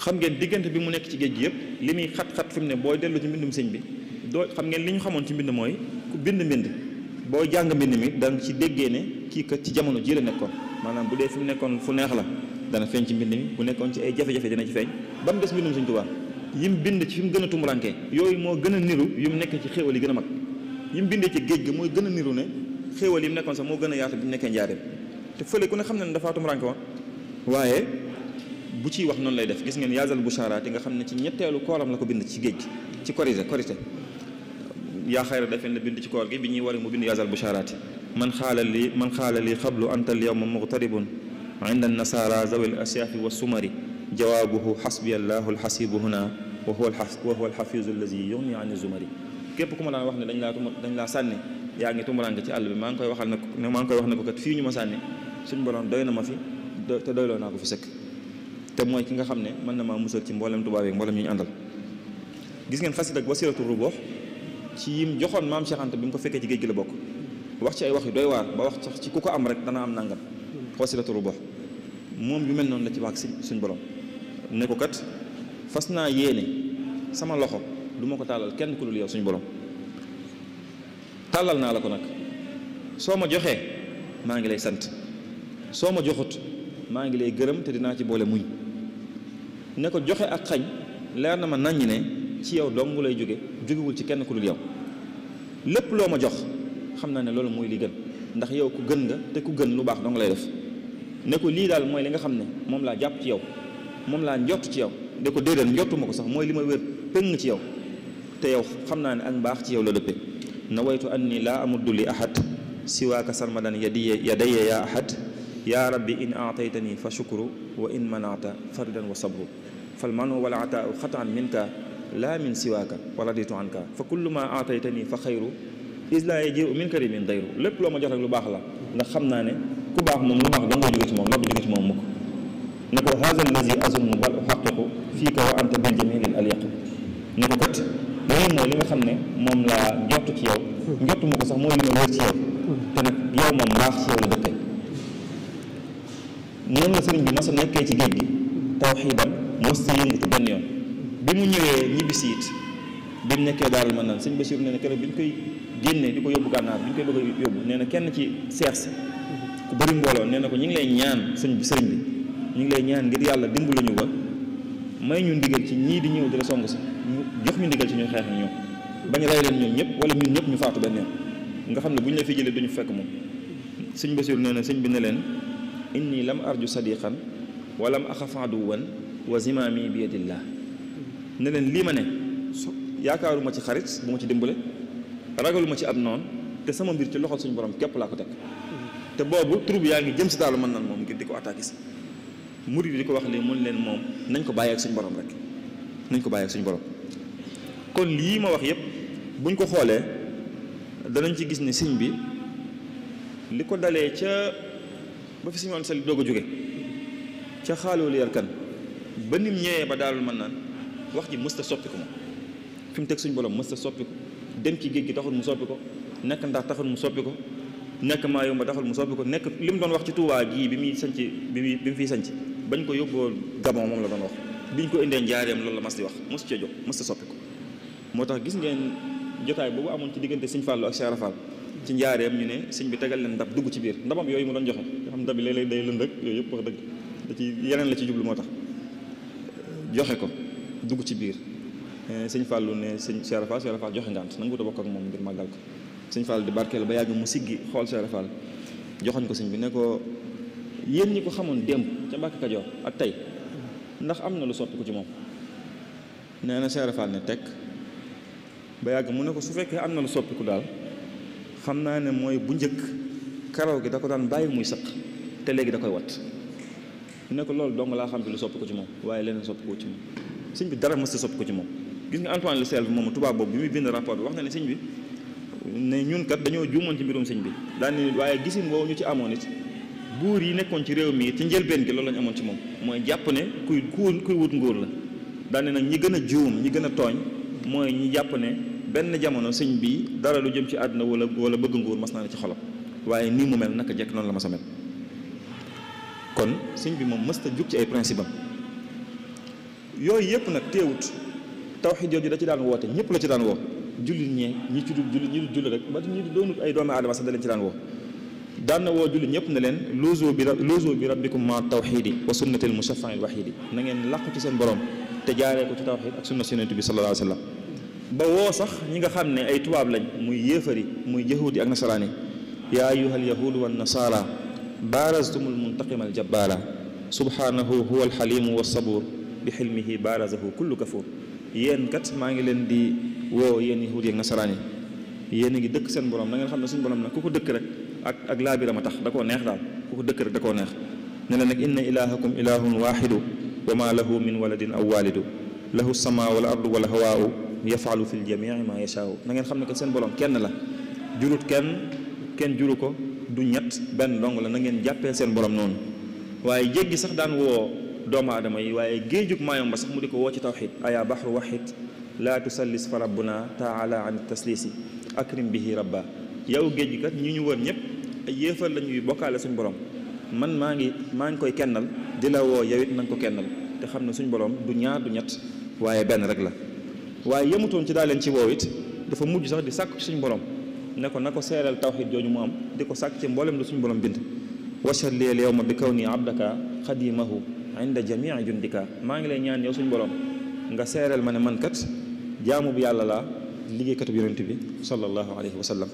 xam ngeen diggante bi mu nekk ci géej gi yëpp li muy xat-xat fi ne booy dellu ci mbindum sëñ bi doo xam ngeen li ñu xamoon ci mbind mooy ku bind mbind boo jàng mbind mi danga ci déggee ne kii kat ci jamono jii la nekkoon maanaam bu dee fi mu nekkoon fu neex la dana feeñ ci mbind mi bu nekkoon ci ay jafe-jafe dina ci feeñ ba mu des mbindum sëñ Tuubaa yim bind ci fi mu gën a tumurankee yooyu moo gën a niru yu mu nekk ci xéewal yi gën a mag yim bindee ci géej gi mooy gën a niru ne xéewal yi mu nekkoon sax moo gën a yaatu bi mu nekkee njaareem te fële ku ne xam ne dafa tumurankee woon waaye bu ciy wax noonu lay def gis ngeen yaazal busharaati nga xam ne ci ñetteelu kooram la ko bind ci géej ci korité korité yaa xayra defeen la bind ci koor gi bi ñuy wari mu bind yaazal busharaati man xaala li man xaala li xablu anta al yawma muqtaribun inda nasara zawi al asyaafi wa sumari jawaabuhu xasbiya allahu alxasibu huna wa huwa wa huwa alxafizu allazi yugni an zumari képp ku ma daan wax ne dañ laa dañ laa sànni yaa ngi tumuraanke ci àll bi maa ngi koy waxal ne maa ngi koy wax ne ko kat fii ñu ma sànni suñ borom doy na ma fi te doyloo naa ko fi sëkk te mooy ki nga xam ne mën na maa musal ci mboolem tubaab yi mboolem yi ñu àndal gis ngeen xasit ak wasilatu rubox ci yim joxoon maam Cheikh bi mu ko fekkee ci géej gi la bokk wax ci ay wax yu doy waar ba wax sax ci ku ko am rek dana am nangam wasilatu rubox moom yu mel noonu la ci wax si suñ borom ne ko kat fas naa yéene sama loxo duma ko tàllal kenn ku dul yow suñu borom tàllal naa la ko nag soo ma joxee maa ngi lay sant soo ma joxut maa ngi lay gërëm te dinaa ci boole muñ ne ko joxe ak xañ leer na ma naññ ne ci yow dong lay jóge jógewul ci kenn ku dul yow lépp loo ma jox xam naa ne loolu mooy li gën ndax yow ku gën nga te ku gën lu baax dong lay def ne ko lii daal li nga xam ne moom jàpp ci yow moom laa njott ci yow de ko njottuma ko sax mooy li wér pëng ci yow te yow xam naa ne ak mbaax ci yow la dëppee nawaytu anni laa amuddu li ahad siwaaka sarmadan yadiya yadaya ya ahad يا ربي إن أعطيتني فشكر وإن منعت فردا وصبر فالمن والعطاء خطا منك لا من سواك ورضيت عنك فكل ما أعطيتني فخير إذ لا يجيء منك من دير لب لو ما جاتك لو باخلا دا خمنا ني كو باخ موم لو باخ دا نجي جيت موم هذا الذي أظن بل أحققه فيك وأنت بالجميل الأليق نكو كات موي مو ليغا خامني موم لا جوتو تي ياو جوتو موكو صاح موي ليغا وير تي ياو noonu la sëriñ bi mos a nekkee ci géej gi tawxiidam mos a yëngatu benn yoon bi mu ñëwee ñibbisi it bi mu nekkee daarul mën naan sëñ Bachir nee na keroog bi ñu koy génnee di ko yóbbu gànnaar bi ñu koy nee na kenn ci seex si ku nee na ko ñu ngi lay ñaan sëñ bi sëriñ bi ñu ngi lay ñaan ngir yàlla dimbali ñu ba may ñu ndigal ci ñii di ñëw di la song si ñu jox ñu ndigal ci ñuy xeex ñu ñëw bañ rey leen ñoom ñëpp wala ñun ñëpp ñu faatu benn yoon nga xam ne bu ñu la fi jëlee duñu fekk moom sëñ Bachir nee na sëñ bi ne leen inni lam arju sadiqan wa lam axaf aduwan wa zimaami bi yadillah ne leen lii ma ne so yaakaaruma ci xarit bu ma ci dimbale ragaluma ci ab noon te sama mbir ci loxol suñu borom képp laa ko teg te boobu tur yaa ngi jëm si taalu man nan moom ngir di ko attaqué si murid di ko wax lii mun leen moom nañ ko bàyyi ak suñu borom rek nañ ko bàyyi ak suñu borom kon lii ma wax yépp buñ ko xoolee danañ ci gis ne siñ bi li ko dalee ca ba fi suñu woon sali doog a jóge ca xaaloo li yarkan ba nim ñëwee ba daalul man naan wax ji mësta soppiku moom fi mu teg suñu borom mësta soppiku dem ci géej gi taxul mu soppi ko nekk ndax taxul mu soppi ko nekk maa yomba taxul mu soppi ko nekk li mu doon wax ci Tuubaa gii bi muy sanc bi muy bi mu fiy bañ ko yóbboo Gabon moom la doon wax ko indee njaareem loolu la mas di wax mos cee jóg mës ta moo tax gis ngeen jotaay boobu amoon ci diggante Sëñ Fallou ak Cheikh Fall ci njaareem ñu ne sëñ bi tegal leen ndab dugg ci biir ndabam yooyu mu doon joxe nga xam ndab yi léeg-léeg day lënd ak yooyu yëpp wax dëgg da ci yeneen la ci jublu moo tax joxe ko dugg ci biir eh, sëñ Fallou ne sëñ Cheikh Fall Cheikh Fall joxe ngant nangu ta bokk ak moom ngir màggal ko sëñ Fall di barkeel ba yàgg mu siggi xool Cheikh Fall joxoñ ko sëñ bi ne ko yéen ñi ko xamoon démb ca Mbàkke Kajoor ak tey ndax am na lu soppi ko ci moom nee na Cheikh Fall ne tekk ba yàgg mu ne ko su fekkee am na lu soppiku daal xam naa ne mooy bu njëkk karaw gi da ko daan bàyyi muy sëq te léegi da koy wat ne loolu dong laa xam ci lu sopp ko ci moom waaye leneen sopp ko ci moom sëñ bi dara mës a sopp ko ci moom gis nga Antoine Lefebvre moomu tubaab boobu bi muy bind rapport bi wax na ne sëñ bi ne ñun kat dañoo juumoon ci mbirum sëñ bi daani waaye gisin woowu ñu ci amoon it buur yi nekkoon ci réew mi ci njëlbeen gi loolu lañu amoon ci moom mooy jàpp ne kuy kuy wut nguur la daane nag ñi gën a juum ñi gën a tooñ mooy ñi jàpp ne benn jamono siñ bi dara lu jëm ci àdduna wala wala bëgg nguur mas naa ne ci xolam waaye nii mu mel naka jekk noonu la ma sa mel kon sëñ bi moom mësta jug ci ay principe yooyu yëpp nag teewut tawxiid jooju da daan woote ñëpp la ci daan woo jullit ñee ñi ci dul jullit ñi dul jullit rek ba ñi doonut ay doomi aadama sax da ci daan woo daan na woo jullit ñëpp ne leen luuzu bi luuzu bi rabbikum ma tawxiidi wa sunnatil mushaffail waxiidi na ngeen làqu ci seen borom te jaaree ko ci tawxiid ak sunna sunnatu bi sallallahu alayhi wa sallam ba woo sax ñi nga xam ne ay tubaab lañ muy yéefari muy yahuudi ak nasaraan yi yaa ayuha alyahuudu wannasaara baraztum almuntaqima aljabaara subhaanahu huwa alxalimu walsabuur bi xilmihi baarazahu kullu kafuur yéen kat maa ngi leen di woo yéen yahuudi ak nasaraan yi yéen a ngi dëkk seen borom da ngeen xam ne suñu borom nag ku ko dëkk rek ak ak laabirama tax da koo neex daal ku ko dëkk rek da koo neex ne la nag inna ilahakum ilahun waaxidu wa ma lahu min waladin aw waalidu lahu sama wal ardu wal hawaau yafalu fil jamii ma yashaaw na ngeen xam ne que seen borom kenn la jurut kenn kenn juru ko du ñett benn dong la na ngeen jàppee seen borom noonu waaye géej gi sax daan woo doomu aadama yi waaye géejug Maayomba sax mu di ko woo ci tawxid ayaa baxru waxid laa tusallis fa rabbuna taala an taslisi akrim bihi rabba yow géej gi kat ñi ñu wër ñëpp ay yéefal la ñuy bokkaale suñ borom man maa ngi maa ngi koy kennal di la woo yow it na nga ko kennal te xam ne suñ borom du ñaar du ñett waaye benn rek la waaye yemutoon ci daa leen ci woow it dafa mujj sax di sàkk ci suñu borom ne ko na ko seeral tawxid mu am di ko ci mboolem lu suñu borom bind washar leel yow ma bi kaw abdaka xadimahu inda jamii jundika maa ngi lay ñaan yow suñu borom nga seeral ma man kat jaamu bu yàlla laa liggéeykatu yonent bi sallallahu alayhi wa sallam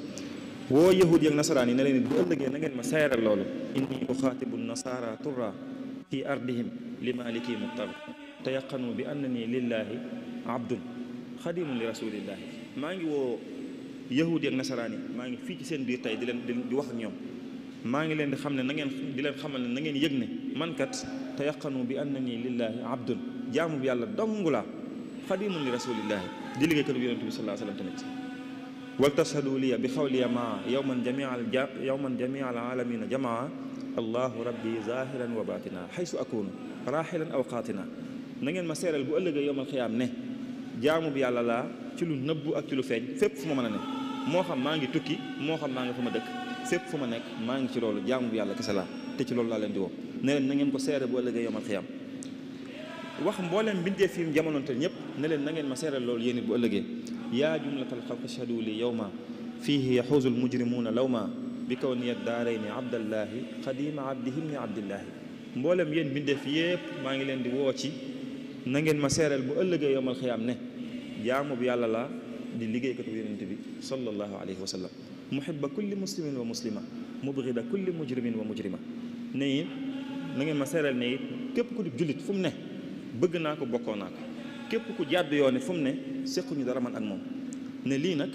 woo yahud yak nasaraan yi ne leen bu ëllëgee na ngeen ma seeral loolu inni uxaatibu nasara turra fi ardihim li maliki tayaqanu bi annani lillahi abdun xadimun li rasulillahi maa ngi woo yahudi ak nasaraan yi maa ngi fii ci seen biir tey di leen di wax ak ñoom maa ngi leen di xam ne na ngeen di leen xamal ne na ngeen yëg ne man kat te yaqanu bi annani lillahi abdun jaamu bi yàlla dong laa xadimun li rasulillahi di liggéey kër bi yonente bi salaa sallam tamit wal tashhadu liya bi xawliya maa yowman jamia yowman jamia al alamina jamaa allahu rabbi zahiran wa batina xaysu akunu raxilan aw qaatina na ngeen ma seeral bu ëllëgee yowmal xiyaam ne jaamu bi yàlla laa ci lu nëbbu ak ci lu feeñ fépp fu ma mën a ne moo xam maa ngi tukki moo xam maa ngi fu ma dëkk fépp fu ma nekk maa ngi ci loolu jaamu bi yàlla kese laa te ci loolu laa leen di woo ne leen na ngeen ko seere bu ëllëgee yomal xiyam wax mbooleem mbindeef yi jamonoonteel ñëpp ne leen na ngeen ma seeral loolu yéen it bu ëllëgee yaa jumlatal xalq ashhadu li yawma fihi yaxuusul mujrimuuna lawma bi kaw niyat daarayni abdallaahi abdihim ni abdillaahi mbooleem yéen fi yépp maa ngi leen di woo ci na ngeen ma seeral bu ëllëgee yomal xiyam ne jaamu bu yàlla laa di liggéeykatu yonent bi sallallahu alayhi wa sallam muhibba kulli muslimin wa muslima mubrida kulli mujrimin wa mujrima ne it na ngeen ma seeral ne it képp ku di jullit fu mu ne bëgg naa ko bokkoo naa ko képp ku jàdd yoone fu mu ne séquñu dara man ak moom ne lii nag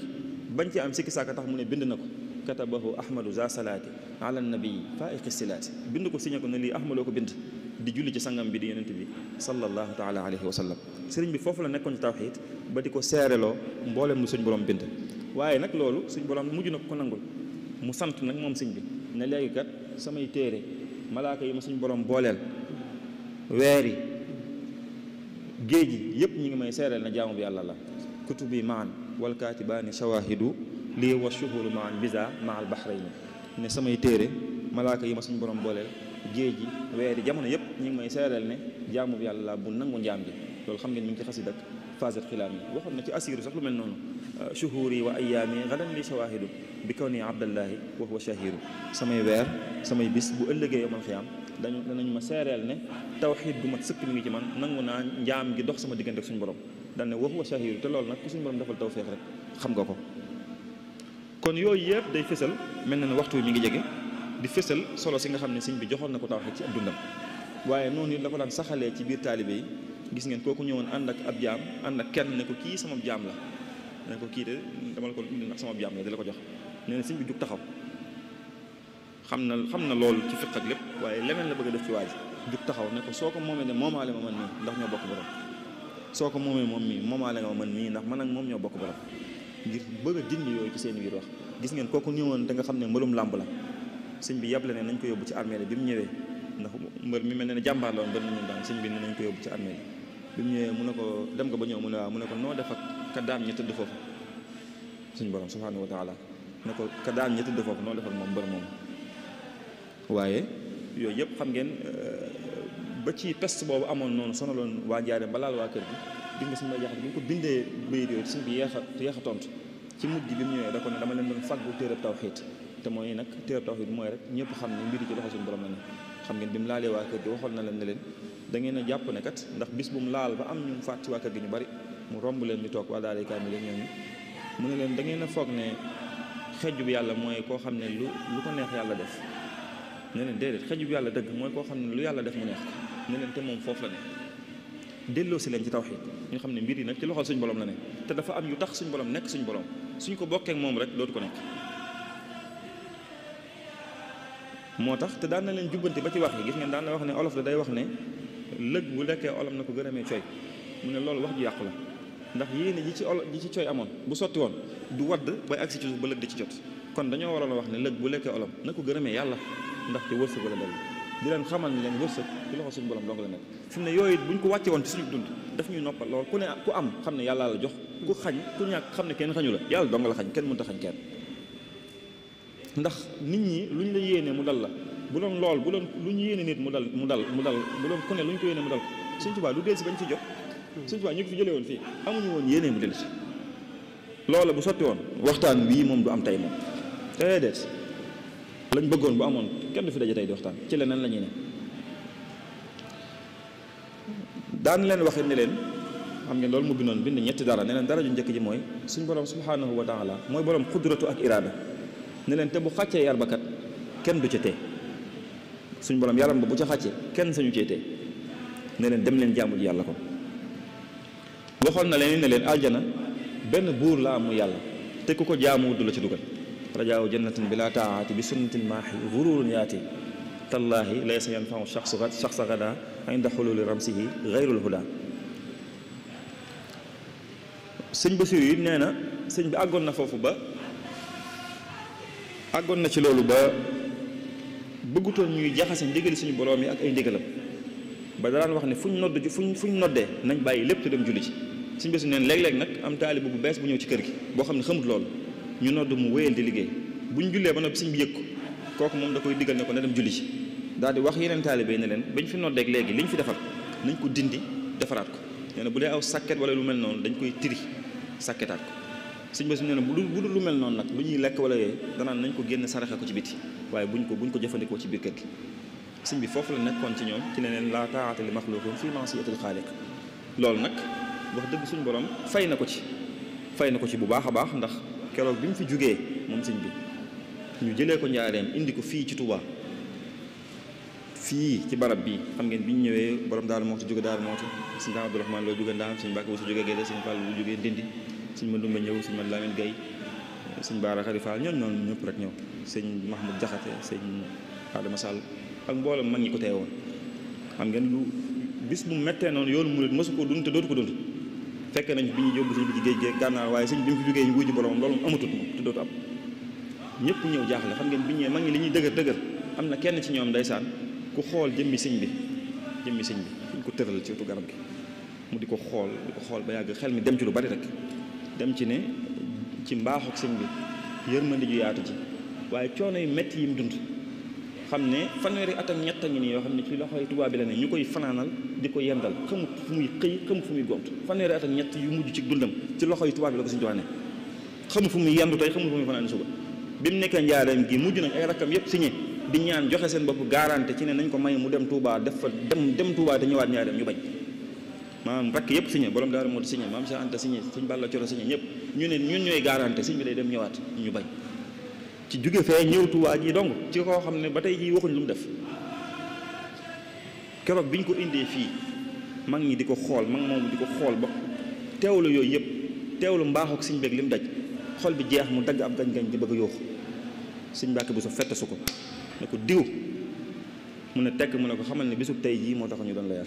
bañ ci am sikki saaka tax mu ne bind na ko katabahu ahmadu za salaati ala nabii faiqi silaati bind ko signé ko ne lii ahmadoo ko bind di julli ci sangam bi di yonent bi sallallahu taala alayhi wa sallam sëriñ bi foofu la nekkoon ci tawxiid ba di ko seereloo mboolem lu suñ borom bind waaye nag loolu suñ borom mujj na ko nangul mu sant nag moom sëñ bi ne léegi kat samay téere malaaka yi ma suñ borom booleel weer yi géej yi yëpp ñu ngi may seereel na jaamu bi yàlla la kutubi maan wal kaatibaani shawahidu lii wa shuhuru maan bisa maal bahrayni ne samay téere malaaka yi ma suñ borom booleel géej yi weer yi jamono yëpp ñu ngi may seereel ne jaamu bi yàlla la bu nangu njaam bi loolu xam ne ñu ngi ci xasi dëkk phase xilaam yi waxoon na ci asiru sax lu mel noonu shuhuri wa ayaami gadan li shawahidu bi kaw nii abdallahi wa huwa shahiru samay weer samay bis bu ëllëgee yomal xiyaam dañu danañu ma seereel ne tawxiid bu mat sëkk mi ngi ci man nangu naa njaam gi dox sama diggante ak suñu borom daan ne wa huwa shahiru te loolu nag ku suñu borom defal tawféex rek xam nga ko kon yooyu yëpp day fësal mel na ne waxtu mi ngi jege di fësal solo si nga xam ne sëñ bi joxoon na ko tawxiid ci ab dundam waaye noonu it la ko daan saxalee ci biir taalibe yi gis ngeen kooku ñëwoon ànd ak ab jaam ànd ak kenn ne ko kii sama jaam la ne ko kii de dama ko indi ndax sama jaam la ko jox nee na sëñ taxaw xam na xam na loolu ci fiq ak waaye leneen la bëgg a def ci waa taxaw ne ko soo ko moomee de moomaale ma man mii ndax ñoo bokk borom soo ko moomee moom mii moomaale nga ma man mii ndax man ak moom ñoo bokk borom ngir bëgg a dindi biir wax gis ngeen kooku ñëwoon da nga xam ne mbërum làmb la sëñ bi yàble ne nañ ko yóbbu ci armée bi mu ñëwee ndax mbër mi mel ne jàmbaar la woon mbër mi ñu daan sëñ bi ne nañ ko yóbbu ci armée bi mu ñëwee mu ne ko dem nga ba ñëw mu ne waaw mu ne ko noo def ak kaddaam ñi tëdd foofu suñu borom subhanahu wa taala ne ko kaddaam ñi tëdd foofu noo def moom mbër moom waaye yooyu yëpp xam ngeen euh, ba ci peste boobu amoon noonu sonaloon waa Njaaréem balaal waa kër gi dig nga suñu may jaxat bi nga ko bindee bayit yooyu a yeex a tontu ci mujj gi bi ko ne dama leen doon fàggu téereb tawxiid te mooy nag téereb tawxiid mooy rek ñëpp xam ne mbiri ci loxo suñu borom la ne xam ngeen bi mu laalee waa kër gi waxoon na leen ne leen da ngeen a jàpp ne ndax bis bu mu laal ba am ñu mu fàtti waa kër gi ñu bari mu romb leen mi toog waa daara kaamil yi ñooñu mu ne leen da ngeen a foog ne xejju bi yàlla mooy koo xam ne lu lu ko neex yàlla def ne leen déedéet yàlla dëgg mooy koo xam ne lu yàlla def mu ne leen te moom foofu la ne delloo si leen ci tawxiid ñu xam ne mbir yi nag ci loxol suñu borom la ne te dafa am yu tax suñu borom nekk suñu borom suñ ko bokkeek ak moom rek dootu ko nekk moo tax te daan na leen jubbanti ba ci wax yi gis ngeen daan na wax ne olof la day wax ne lëg bu lekkee olam na ko gën a mee coy mu ne loolu wax ju yàqu ndax yéene ji ci olo ji ci coy amoon bu sotti woon du wadd bay agsi ci suuf ba lëg di ci jot kon dañoo waroon a wax ne lëg bu lekkee olam na ko gën a mee yàlla ndax ci wërsëg la dellu di leen xamal ni leen wërsëg ci loxo suñu borom dong la nekk fi ne yooyu bu ñu ko wàcce woon ci suñu dund daf ñuy noppal lool ku ne ku am xam ne yàllaa la jox ku xañ ku ñàkk xam ne kenn xañu la yàlla dong la xañ kenn mënta xañ kenn nit ñi luñ la yéene mu dal la bu doon lool bu doon lu ñu yéene nit mu dal mu dal mu dal bu ku ne lu ñu ko yéene mu dal Sëñ Tuubaa lu delsi bañ ci jot hmm. Sëñ Tuubaa ñu fi jëlee woon fii amuñu woon yéene mu delsi loola bu sotti woon waxtaan wii moom du am tey moom tey deet lañ bëggoon bu amoon kenn du fi daje tey di waxtaan ci leneen la ñuy ne daan leen waxe ne leen xam ngeen loolu mu bindoon bind ñetti dara ne leen dara ju njëkk ji mooy suñ borom subhanahu wa taala mooy borom xudratu ak iraada ne leen te bu xàccee yarbakat kenn du ca tee suñu borom yaram bu ci xacce kenn suñu ci tee ne len dem len jaamul yàlla ko waxoon na len ne len aljana ben bour la amu yàlla te kuko jamu jaamu ci dugal rajaaw jannatin bila ta'ati bi sunnatin mahi ghururun yati tallahi laysa yanfau ghad shaxsa ghada inda hululi ramsihi gayrul huda sëñ bu yi nee na sëñ bi agon na fofu ba agon na ci loolu ba bëggutoon ñuy jaxase ndigal suñu boroom yi ak ay ndigalam ba daan wax ne fuñ nodd ji fuñ fuñ noddee nañ bàyyi lépp te dem julli ci suñu bésu neen léeg-léeg nag am taaliba bu bees bu ñëw ci kër gi boo xam ne xamut loolu ñu nodd mu wéyal di liggéey buñ jullee ba noppi suñ bi yëg ko kooku moom da koy digal ne ko na dem julli ci daal di wax yeneen taaliba yi ne leen bañ fi noddeeg léegi ñu fi defar nañ ko dindi defaraat ko nee na bu dee aw sàkket wala lu mel noonu dañ koy tiri sàkketaat sëñ Bass nee na bu dul lu mel noonu nag lu ñuy lekk wala yooyu danaan nañ ko génn saraxe ko ci biti waaye buñ ko buñ ko jëfandikoo ci biir kër gi sëñ bi foofu la nekkoon ci ñoom ci leneen leen laa taa'ata li maxluqin fi ma'siyatil xaaliq loolu nag wax dëgg suñu borom fay na ko ci fay na ko ci bu baax a baax ndax keroog bi mu fi jógee moom sëñ bi ñu jëlee ko njaareem indi ko fii ci Touba fii ci barab bi xam ngeen bi ñu ñëwee borom daal moo ci jóge daal moo ci sëñ Abdourahmane loo jóge ndaam sëñ Mbàkke bu su jóge Gédé sëñ sëñ ma Dumba ñëw sëñ ma Lamine Guèye sëñ Baara Khary Fall ñooñu noonu ñëpp rek ñëw sëñ Mahmoud Jaxate sëñ Adama Sall ak mboolem mag ñi ko teewoon xam ngeen lu bis bu mettee noonu yoonu murit mësu ko dund dootu ko dund fekkee nañ bi ñu yóbbu sëñ bi ci géej gi gànnaar waaye sëñ bi mu ñu wuy ji boromam ñëpp ñëw jaaxle xam ngeen bi ñëwee mag ñi li ñuy dëgër dëgër am na kenn ci ñoom daysaan ku xool jëmmi siñ bi jëmmi sëñ bi fuñ ko tëral ci wetu garab gi mu di ko xool di ko xool ba yàgg xel mi dem ci lu bari rek dem ci ne ci mbaaxu sëñ bi yërmande ju yaatu ji waaye coono yu métti yi mu dund xam ne fanweeri at ak ñett a ngi nii yoo xam ne ci loxoy tubaab bi la ne ñu koy fanaanal di ko yendal xamut fu muy xëy xamut fu muy gont fanweeri at ak ñett yu mujj ci dundam ci loxoy tubaab bi la ko sëñ Tuubaa ne xamut fu muy yendu tey xamut fu muy fanaan suba bi mu nekk njaareem gi mujj nañ ay rakkam yépp signé di ñaan joxe seen bopp garantie ci ne nañ ko may mu dem Touba def fa dem dem Touba te ñëwaat njaareem ñu bañ maam rakk yëpp signé borom daara moo signé maam Cheikh Anta signé suñ Balla Coro signé ñëpp ñu ne ñun ñooy garanté sëñ bi day dem ñëwaat ñu bañ ci jóge fee ñëw Tuubaa ji dong ci koo xam ne ba tey jii waxuñ lu mu def keroog bi ñu ko indee fii mag ñi di ko xool mag moom di ko xool ba teewlu yooyu yëpp teewlu mbaaxu ak sëñ beeg li mu daj xol bi jeex mu dagg ab gañ-gañ di bëgg a yooxu sëñ Mbàkke bu sa fette ko ne ko diw mu ne tekk mu ne ko xamal ne bisub tey jii moo tax ñu doon la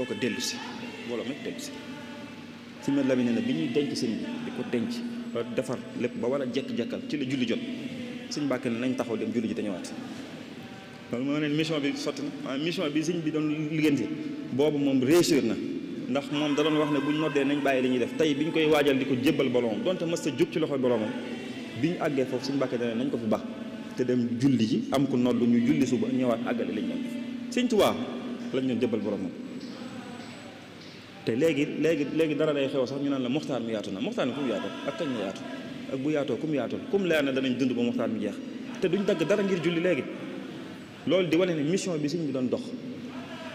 kooku dellu si mbooloo ma dellu si suñu mel Lamine nee na bi ñuy denc si bi di ko denc ba defar lépp ba war a jekk-jekkal ci la julli jot suñ mbàkke ne nañ taxaw dem julli ji dañu waat loolu moo ne bi sotti na mission bi sëñ bi doon liggéenti boobu moom réussir na ndax moom da doon wax ne bu ñu noddee nañ bàyyi li ñuy def tey bi ñu koy waajal ko jébbal boroomam donte mës a jóg ci loxo boroomam bi ñu àggee foofu suñu mbàkke dane nañ ko fi baax te dem julli ji am ko nodd ñu julli suba ñëwaat àggale li ñu doon def sëñ Tuubaa lañ doon jébbal boroomam te léegi léegi léegi dara day xew sax ñu naan la moxtaar mi yaatu na moxtaar mi ku mu yaatu ak kañ la yaatu ak bu yaatoo ku mu yaatul leer na danañ dund ba moxtaar mi jeex te duñ dagg dara ngir julli léegi loolu di wane ne mission bi suñ bi doon dox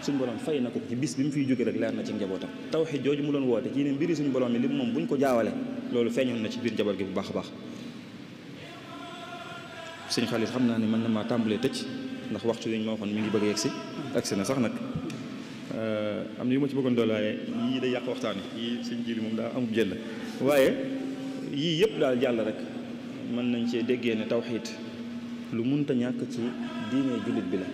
suñ borom fey na ko ci bis bi mu fiy jóge rek leer na ci njabootam tawxid jooju mu doon woote ci ne mbiri suñu borom mi li moom buñ ko jaawale loolu feeñoon na ci biir njaboot gi bu baax baax suñ xam naa ne mën na maa tàmbalee tëj ndax waxtu wiñ ma waxoon mi ngi bëgg yegsi agsi na sax nag Euh, am na yu ma ci bëggoon doolaaye yii day yàq waxtaan yi sëñ ji li moom daa amul jël waaye yii yëpp daal jàll rek mën nañ cee déggee ne tawxiit lu munta ñàkk ci diine jullit bi la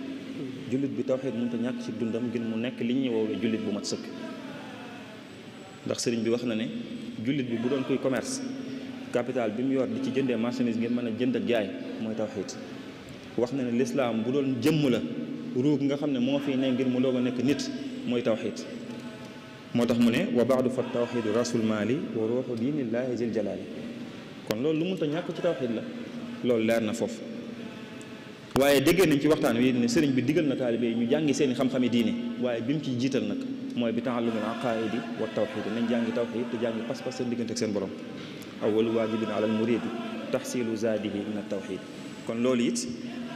jullit bi tawxiit munta ñàkk ci dundam ngir mu nekk li ñuy woowee jullit bu mat sëkk ndax sëriñ bi wax na ne jullit bi bu doon kuy commerce capital bi mu yor di ci jëndee marchandise ngir mën a jënd ak jaay mooy tawxiit wax na ne lislaam bu doon jëmm la ruug nga xam ne moo fi ne ngir mu doog nekk nit mooy tawxid moo tax mu ne wa baadu fa tawxidu rasul maali wa ruuxu diinillaahi zil jalaali kon loolu lu mënta ñàkk ci tawxid la loolu leer na foofu waaye déggee nañ ci waxtaan wi ne serigne bi diggal na talibé ñu jàngi seen xam-xami diine waye bim ci jital nak moy bi ta'allum al aqaidi wa tawhid nañ jàngi tawhid te jangi pass pass seen digënté ak seen borom awwal wajibin ala al murid tahsilu zadihi min at tawhid kon loolu it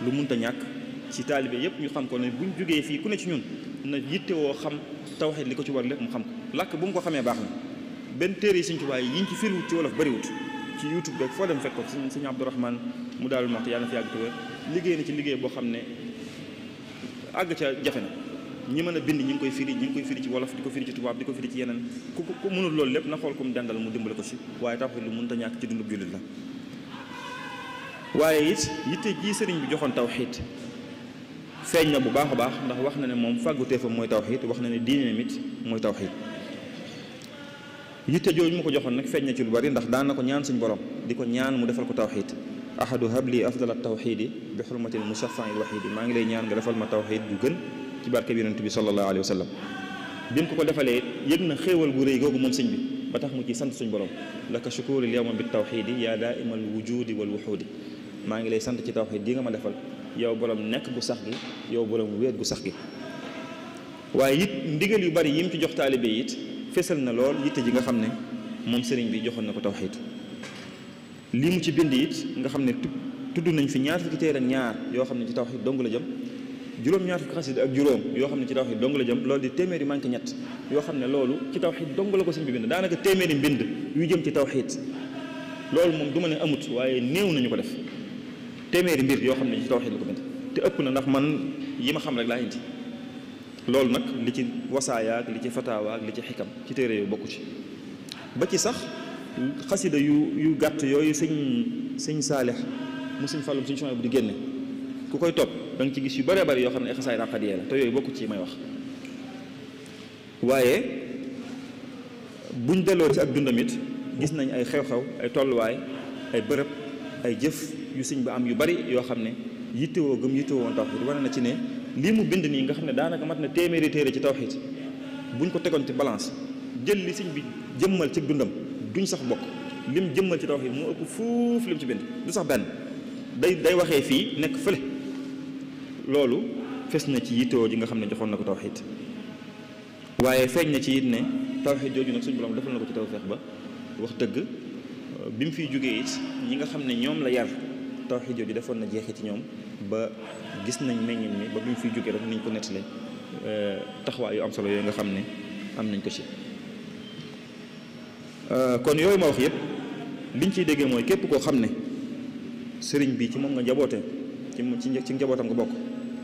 lu mënta ñak ci taalibe yëpp ñu xam ko ne ñu jógee fii ku ne ci ñun na yittewoo xam tawxiid li ko ci war lépp mu xam ko làkk bu mu ko xamee baax na benn téere yi Sëñ Tuubaa yi ci firiwut ci wolof bëriwut ci youtube rek foo dem fekk ko sëñ sëñ Abdourahmane mu daalul maxt yàlla na fi yàgg te wér boo xam ne àgg ca jafe na ñi mën a bind ñi ngi ngi koy firi ci wolof di ko firi ci tubaab di ko firi ci yeneen ku ku mënul loolu lépp na xool ku mu dendal mu ko ci waaye tawxiid lu mënut a ñàkk ci dundub jullit la waaye it yitte ji sëriñ bi joxoon tawxiid feeñ na bu baax a baax ndax wax na ne moom fàgguteefam mooy tawxiid wax na ne diine mit mooy tawxiid yitte jooju mu ko joxoon nag feeñ na ci lu bari ndax daan na ko ñaan suñu borom di ko ñaan mu defal ko tawxiid ahadu habli afdal tawxiidi bi xurmatil musaffan il waxiidi maa ngi lay ñaan nga defal ma tawxiid bu gën ci barke bi yonent bi sallallahu alayhi wa sallam bi mu ko ko defalee yëg na xéewal gu rëy googu moom sëñ bi ba tax mu ciy sant suñu borom laka shukuril yawma bit tawxiidi yaa daa imal wujudi wal wuxuudi maa ngi lay sant ci tawxiid di nga ma defal yow borom nek gu sax gi yow borom wet gu sax gi waye it ndigal yu bari yim ci jox talibe yit fessel na lol yitte ji nga xamne mom moom sëriñ bi joxon nako tawhid li mu ci bind yit nga xamne tuddu nañ fi ñaar fukki téra ñaar yo xamne ci tawhid dong la jëm juróom ñaar fukki xasida ak juróom yo xamne ci tawhid dong la jëm lol di téméri manqué ñett yo xamne lolou ci tawhid dong la ko sëñ bi bind daanaka téméri bind yu jëm ci tawhid loolu mom duma ne amut waye néew nañu ko def téméré mbir yo xamné ci tawhid la ko bind te ëpp na ndax man yi ma xam rek la indi lool nak li ci wasaya ak li ci fatawa ak li ci hikam ci téré yu bokku ci ba ci sax xasida yu yu gàtt yoyu sëñ sëñ salih mu sëñ fàllum sëñ bu di génne ku koy top da nga ci gis yu bari bari yo xamné ne raqadiya la te yoyu bokku ci may wax wayé buñ délo ci ak dundamit gis nañ ay xew-xew ay tollu way ay bërepp ay jëf yu sëñ am yu bari yoo xam ne yittewoo gëm yittewoo woon tawxiid war na ci ne lii mu bind nii nga xam ne daanaka mat na téeméeri téere ci tawxiid buñ ko tegoon ci balance jël li sëñ bi jëmmal ci dundam duñ sax bokk lim jëmmal ci tawxiid moo ëpp fuuf lim ci bind du sax benn day day waxee fii nekk fële loolu fes na ci yittewoo ji nga xam ne joxoon na ko tawxiid waaye feeñ na ci it ne tawxiid jooju nag suñu borom defal na ko ci tawfeex ba wax dëgg bi mu fiy jógee it ñi nga xam ne ñoom la yar tawxiid jooju defoon na jeexi ci ñoom ba gis nañ meññin mi ba bu ñu fiy jógee rek niñ ko nettalee euh, taxawaay yu am solo yooyu nga xam ne am nañ ko ci euh, kon yooyu ma wax yëpp liñ ciy déggee mooy képp koo xam ne sëriñ bi ci moom nga njaboote ci ci njabootam nga bokk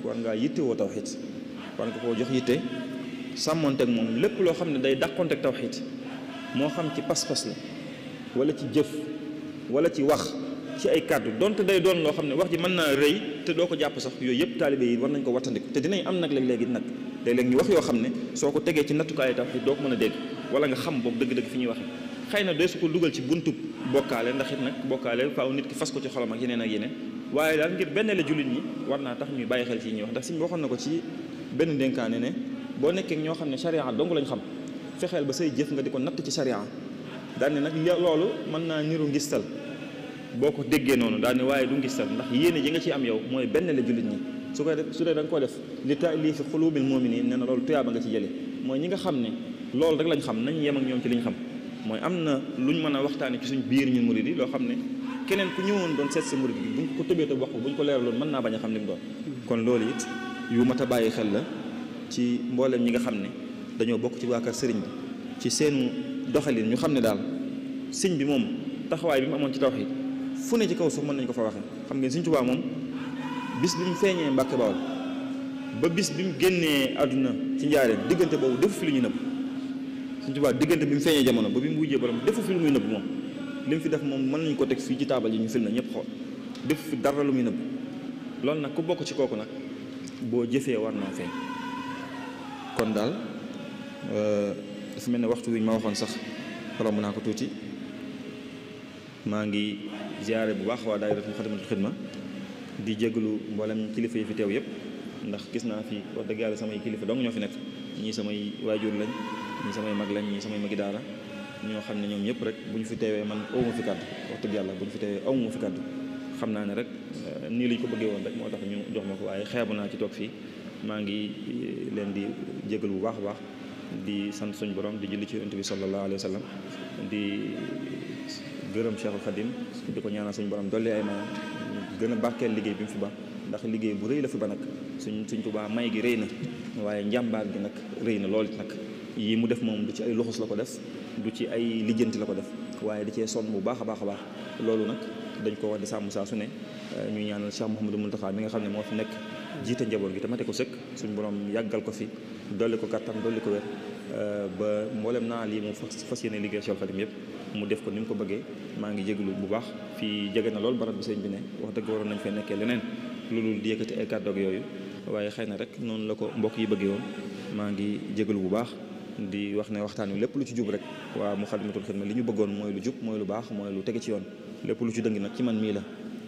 war ngaa yittewoo tawxiid war nga koo jox yitte sàmmoonteeg moom lépp loo xam ne day dàqoonteeg tawxiid moo xam ci pas-pas la wala ci jëf wala ci wax ci ay kàddu dont day doon loo xam ne wax ji mën naa rëy te doo ko jàpp sax yooyu yëpp taalibe yi war nañ ko wattandiku te dinañ am nag léeg-léegi nag léeg-léeg yoo xam ne soo ko tegee ci nattukaayu tax doo ko mën a dégg wala nga xam boog dëgg-dëgg fi ñuy waxee xëy na dee su ko dugal buntu bokkaale ndax it nag bokkaale faaw nit ki fas ko ci xolam ak yeneen ak yeneen waaye daal ngir benn la jullit war naa tax ñuy bàyyi xel ci ñuy wax ndax siñ waxoon na ko ci benn dénkaane ne boo nekkee ñoo xam ne charia dong lañ xam fexeel ba say jëf nga di ko natt ci charia daal ne nag loolu mën naa niru ngistal boo ko déggee noonu daal ne waaye du ngistal ndax yéene ji nga ci am yow mooy benn la jullit ñi su ko def su dee da nga ko def li taalifi xulubil muminin nee na loolu tuyaaba nga ci jële mooy ñi nga xam ne loolu rek lañ xam nañ yem ak ñoom ci liñ xam mooy am na luñ mën a waxtaane ci suñ biir ñun murid yi loo xam ne keneen ku ñëwoon doon seet si murid bi buñ ko tëbee te wax ko buñ ko leeraloon mën naa a xam li kon loolu it yu mat a bàyyi xel la ci mbooleem ñi nga xam ne dañoo bokk ci waa kër sëriñ bi ci seen doxalin ñu xam ne daal sëñ bi moom taxawaay bi mu amoon ci tawxiid fu ne ci kaw suuf mën nañ ko fa waxe xam ngeen Sëriñ Tuubaa moom bis bi mu feeñee Mbàkke Bawol ba bis bi mu génnee àdduna ci njaaree diggante boobu defu fi lu ñu nëbb Sëriñ Tuubaa diggante bi mu feeñee jamono ba bi mu wujjee borom defu fi lu muy nëbb moom li mu fi def moom mën nañu ko teg fii ci taabal yi ñu film na ñëpp xool defu fi dara lu muy nëbb loolu nag ku bokk ci kooku nag boo jëfee war naa feeñ kon daal euh, dafa mel ne waxtu wi ñu ma waxoon sax romb naa ko tuuti maa ngi ziare bu baax waa daayiratul Xadimatul Xidma di jégalu mboolem kilifa yi fi teew yëpp ndax gis naa fi wax dëgg yàlla samay kilifa dong ñoo fi nekk ñii samay waajur lañ ñii samay mag lañ ñii samay magi daara ñoo xam ne ñoom ñëpp rek bu ñu fi teewee man aw ma fi kàddu wax dëgg yàlla bu ñu fi teewee aw ma fi kàddu xam naa ne rek euh, nii lañ ko bëggee woon rek moo tax ñu jox ma ko waaye xeebu naa ci toog fii maa ngi euh, leen di jégal bu baax a baax di sant suñu borom di julli ci bi sallallahu alayhi wa sallam gërëm Cheikhul Khadim di ko ñaanal suñu borom dolli ay maanaam gën a barkeel liggéey bi mu fi ba ndax liggéey bu réy la fi ba nag suñ suñ Tuubaa may gi rëy na waaye njàmbaar gi nag rëy na loolu nag yi mu def moom du ci ay loxos la ko def du ci ay lijjanti la ko def waaye da cee sonn bu baax a baax a baax loolu nag dañ ko war di sàmm saa su ne eh, ñu ñaanal Cheikh Mouhamadou Mountakha bi nga xam ne moo fi nekk jiita njaboot gi te mate ko sëkk suñu borom yàggal ko fi dolli ko kàttan dolli ko wér Euh, ba mboolem naa lii mu fas yéene liggéey Cheikh Khadim yëpp mu def ko ni mu ko bëggee maa ngi jéglu bu baax fii jege na lool barab bi sëñ bi ne wax dëgg waroon nañ fee nekkee leneen loolu di yëkkati ay yooyu waaye xëy na rek noonu la ko mbokk yi bëggee woon maa ngi jéglu bu baax di wax ne waxtaan wi lépp lu ci jub rek waa Moukhaddamatoul Khidma li ñu bëggoon mooy lu jub mooy lu baax mooy lu tege ci yoon lépp lu ci dëng nag ci man mii la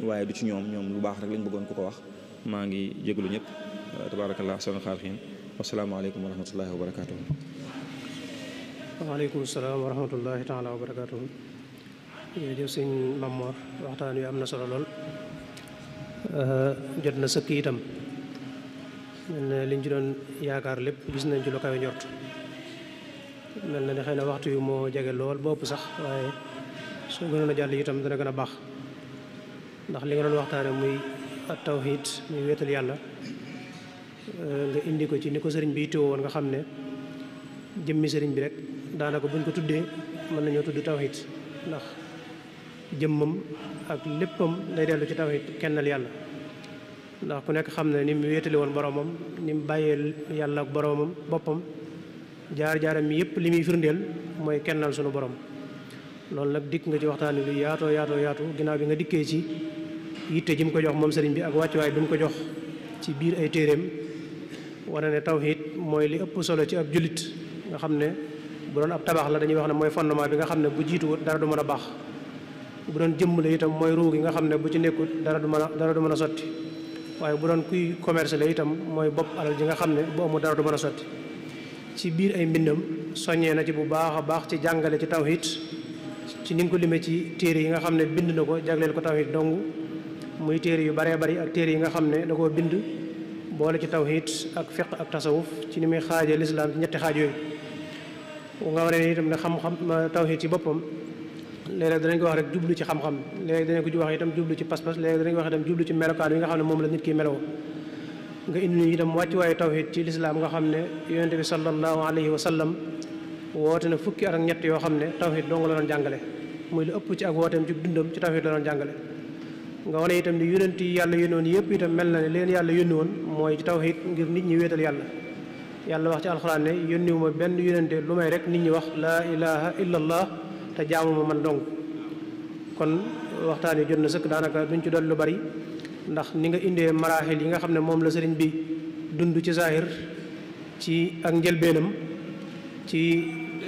waaye du ci ñoom ñoom lu baax rek lañ bëggoon ku ko wax maa ngi jéglu ñëpp tabaarakallah sona xaar xiin wasalaamaaleykum wa rahmatullahi wa barakatuh waaleykum salaam wa rahmatullahi taala wa barakaatuhu waxtaan wi am na solo lool jot na sëkk itam mel na liñ ci doon yaakaar lépp gis nañ ci lu jot mel na ne xëy na waxtu yu moo jege lool bopp sax waaye soo gënoon a jàll itam dana gën a baax ndax li nga doon waxtaane muy tawhid muy wéetal yàlla nga indi ko ci ni ko sëriñ bi yittewoo woon nga xam ne jëmmi sëriñ bi rek daanaka buñ ko tuddee mën nañoo tudd tawhid ndax jëmmam ak léppam day dellu ci tawhid kennal yàlla ndax ku nekk xam ne ni mu wéetali woon boromam ni mu bàyyee yàlla ak boromam boppam jaar-jaaram yëpp li muy firndeel mooy kennal sunu borom loolu nag dikk nga ci waxtaan lu yaatoo yaatoo yaatu ginnaaw bi nga dikkee ci yitte ji mu ko jox moom sëriñ bi ak wàccuwaay bi mu ko jox ci biir ay téeréem wane ne tawhid mooy li ëpp solo ci ab jullit nga xam ne bu doon ab tabax la dañuy wax ne mooy fondement bi nga xam ne bu jiituwut dara du mën a baax bu doon jëmm la itam mooy ruu gi nga xam ne bu ci nekkut dara du mën a dara mën a sotti waaye bu doon kuy commerce la itam mooy bopp yi nga xam ne bu amul dara du mën a sotti ci biir ay mbindam soññee na ci bu baax a baax ci jàngale ci tawhid ci ni ko limee ci téere yi nga xam ne bind na ko jagleel ko tawhid dong muy téere yu baree bari ak téere yi nga xam ne da koo bind boole ci tawhid ak fiq ak tasawuf ci ni muy xaajee lislaam ci ñetti xaaj yooyu nga war ne itam ne xam-xam tawxiid ci boppam léeg danañ ko wax rek jublu ci xam-xam léeg-léeg danañ ko wax itam jublu ci pas-pas léeg-léeg danañ ko wax itam jublu ci melokaan yi nga xam ne moom la nit ki meloo nga indi ñu itam wàccuwaayu tawxiid ci lislaam nga xam ne yonente bi sallallahu alayhi wa sallam woote na fukki at ak yoo xam ne tawxiid dong la doon jàngale muy lu ëpp ci ak wooteem ci dundam ci tawxiid la doon jàngale nga wane itam ne yonent yi yàlla yónni woon yëpp itam mel na ne leen yàlla yónni woon mooy ci tawxiid ngir nit ñi wéetal yàlla yàlla wax ci alxuraan ne yónniwuma benn yónente lu may rek nit ñi wax laa ilaha illa allah te jaamu ma man dong kon waxtaan yi jot na sëkk daanaka duñ ci doon lu bari ndax ni nga indee maraaxil yi nga xam ne moom la sëriñ bi dund ci zahir ci ak njëlbeenam ci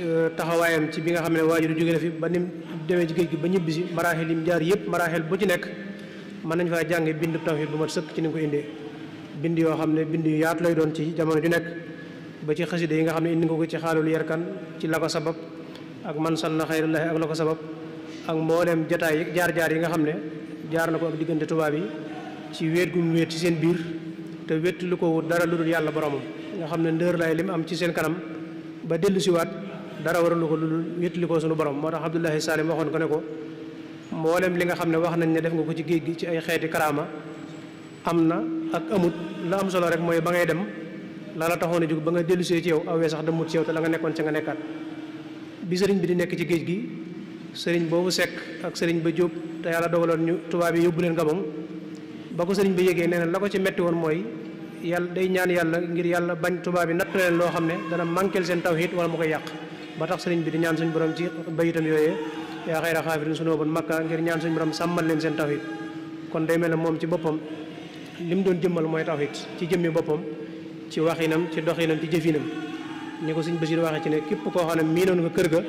euh, taxawaayam ci bi nga xam ne waajur jóge na fi ba nim demee ci géej gi ba ñibbisi si maraaxil yi mu jaar yëpp maraaxil bu ci nekk mën nañ faa jànge bind tawhid bu ma sëkk ci ni ko indee bind yoo xam ne bind yu yaatu lay doon ci jamono ju nekk ba ci xasida yi nga xam ne indi nga ko ci xaalul kan ci la ko sabab ak man sànna xayrullahi ak la ko sabab ak mbooleem jataay jaar-jaar yi nga xam ne jaar na ko ak diggante tubaab yi ci wéet gum wéet ci seen biir te wétt lu ko dara lu dul yàlla boromam nga xam ne ndër lay lim am ci seen kanam ba dellu siwaat dara lu ko lu dul wétt li ko sunu borom moo tax Abdullahi Salim waxoon ko ne ko mboolem li nga xam ne wax nañ ne def nga ko ci géej gi ci ay xeeti karaama am na ak amut am solo rek mooy ba ngay dem la la taxoon a ba nga dellusee ci yow awé sax demut ci yow te la nga nekkon ci nga nekkat bi sëriñ bi di nekk ci geej gi sëriñ bobu sekk ak sëriñ ba job te yalla dogalon ñu tuba bi yobul len gabam ba ko sëriñ ba yégee nee la ko ci metti won moy yalla day ñaan yalla ngir yalla bañ tuba bi natt leen lo xam ne dana mankel sen tawhid wala mu ko yaq ba tax sëriñ bi di ñaan suñ borom ci bayitam yoyé ya khayra xaafirin sunu bon makka ngir ñaan suñ borom samal leen sen tawhid kon day mel mom ci bopam lim doon jëmmal moy tawhid ci jëmmé bopam ci waxinam ci doxinam ci jëfinam ñi ko sëñ Basiir waxe ci ne képp ko xam ne miinoon nga kër ga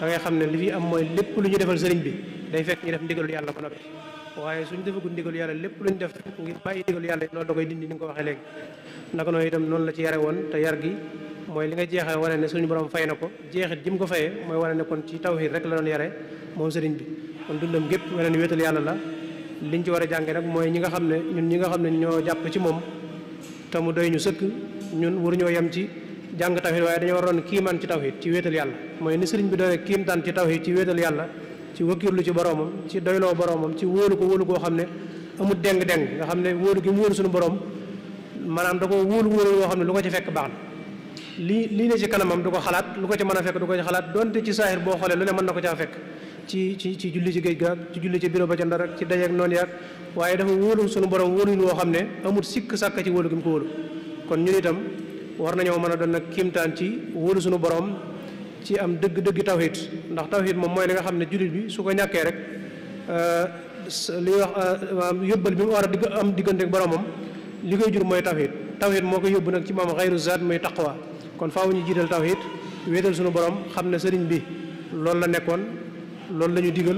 da xam ne li fi am mooy lépp lu ñu defal sëriñ bi day fekk ñu def ndigalu yàlla ba noppi waaye suñ defagul ndigalu yàlla lépp lu ñu def ngir bàyyi ndigalu loolu da koy dindi ni nga ko waxee léegi naka noonu itam noonu la ci yare woon te yar gi mooy li nga jeexee wane ne suñu borom fay na ko jeexit ji ko fayee mooy wane ne kon ci tawhid rek la doon yare moom sëriñ bi kon dundam gépp wane ne wéetal yàlla la liñ ci war a jànge nag mooy ñi nga xam ne ñun ñi nga xam ne ñoo jàpp ci moom te mu doy ñu sëkk ñun waruñoo yem ci jàng tawhid waaye dañoo waroon kiimaan ci tawhid ci wéetal yàlla mooy ni sëriñ bi kiim taan ci tawhid ci wéetal yàlla ci wakirlu ci boroomam ci doyloo boroomam ci wóolu ko wóolu koo xam ne amul deng-deng nga xam ne wóolu gi mu wóolu suñu borom maanaam da ko wóolu wóolu koo xam ne lu ko ci fekk baax na lii lii ne ci kanamam du ko xalaat lu ko ci mën a fekk du ko ci xalaat donte ci saahir boo xoolee lu ne mën na ko caa fekk ci ci ci julli ci géej gaa ci julli ci bureau ba ca ak ci dajeeg noonu yaag waaye dafa wóolu sunu borom wóoluñu woo xam ne amul sikk sàkk ci wóolu gi mu ko wóolu kon ñun itam war nañoo mën a doon nag kiimtaan ci wóolu sunu borom ci am dëgg dëgg tawhid ndax taw tawhid moom mooy li nga xam ne jullit bi su ko ñàkkee rek euh, li wax euh, yóbbal bi mu war a digg am diggante boromam li koy jur mooy taw tawhid tawhid moo koy yóbbu nag ci moom xayru zaat mooy taqwa kon faaw ñu jiital tawhid wéetal sunu borom xam ne sëriñ bi loolu la nekkoon loolu la ñu digal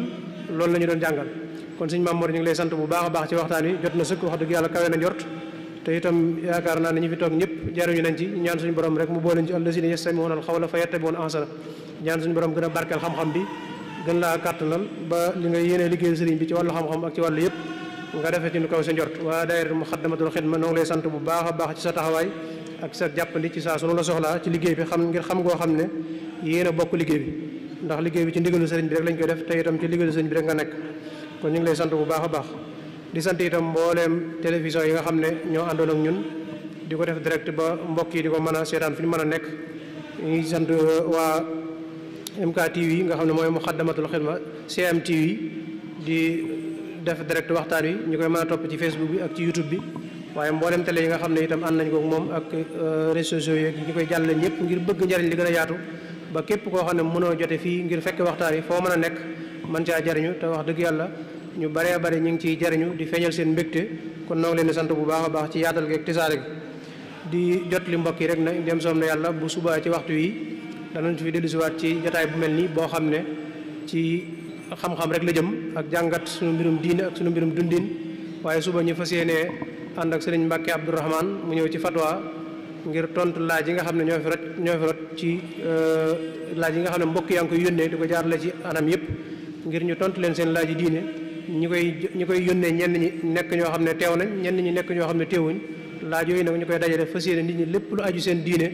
loolu la ñu doon jàngal kon sëñ Maam Mor ñu ngi lay sant bu baax a baax ci waxtaan wi jot na sëkk wax dëgg yàlla kawe na njort te itam yaakaar naa ne ñu fi toog ñëpp jariñu nañ ci ñaan suñu borom rek mu booleñ ci allazina yastami'una al-qawla fa yattabi'una ahsana ñaan suñu borom gën a barkeel xam-xam bi gën laa kàttanal ba li nga yéene liggéeyal sëriñ bi ci wàllu xam-xam ak ci wàllu yëpp nga defee ci nu kaw sa njort waa daayira Muxaddamatul Xidma noo ngi lay sant bu baax a baax ci sa taxawaay ak sa jàppandi ci saa sunu la soxlaa ci liggéey bi xam ngir xam ngoo xam ne yéen bokk liggéey ndax liggéey bi ci ndigalu sëriñ bi rek lañ koy def te itam ci liggéeyu sëriñ bi rek nga nekk kon ñu ngi lay sant bu baax a baax di sant itam mbooleem télévision yi nga xam ne ñoo àndoon ak ñun di ko def direct ba mbokk yi di ko mën a seetaan fi ñu mën a nekk ñu ngi sant uh, waa MKTV nga xam ne mooy Muxaddamatul Xidma CMTV di def direct waxtaan wi ñu koy mën a topp ci Facebook bi ak ci YouTube bi waaye mboolem télé yi nga xam ne itam ànd nañ ko moom ak uh, réseaux sociaux yi koy jàllale ñëpp ngir bëgg njariñ li gën a yaatu ba képp koo xam ne mënoo jote fii ngir fekk waxtaan yi foo mën a nekk mën caa jariñu te wax dëgg yàlla ñu baree bari ñu ngi ciy di feeñal seen mbégte kon noo ngi leen di sant bu baax a baax ci yaatal gi tisaare gi di jot li mbokk yi rek na dem soom na yàlla bu subaa ci waxtu yi danañ fi dellusiwaat ci jotaay bu mel nii boo xam ne ci xam-xam rek la jëm ak jàngat suñu mbirum diine ak suñu mbirum dundin waaye suba ñu fas yéenee ànd ak sëriñ Mbàkke Abdourahman mu ñëw ci fatwa ngir tontu laaj yi nga xam ne ñoo fi rot ñoo fi rot ci euh, laaj yi nga xam ne mbokk yaa ngi koy yónnee di ko jaarale ci anam yëpp ngir ñu tontu leen seen laaj yi diine ñi koy ñi koy yónnee ñenn ñi nekk ñoo xam ne teew nañ ñenn ñi nekk ñoo xam ne teewuñ laaj yooyu nag ñu koy dajale fas yéene nit ñi lépp lu aju seen diine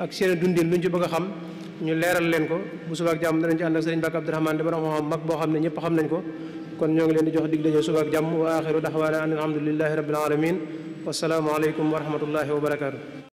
ak seen dundin lu ñu ci bëgg a xam ñu leeral leen ko bu subaak jàmm danañ ci ànd ak sëriñ Bakk Abdourahmane di borom mag boo xam ne ñëpp xam nañ ko kon ñoo ngi leen di jox dig daje subaak jàmm wa axiru daxwaana an alhamdulilahi rabbil alamin wasalaamu aleykum wa rahmatullahi wa barakaatu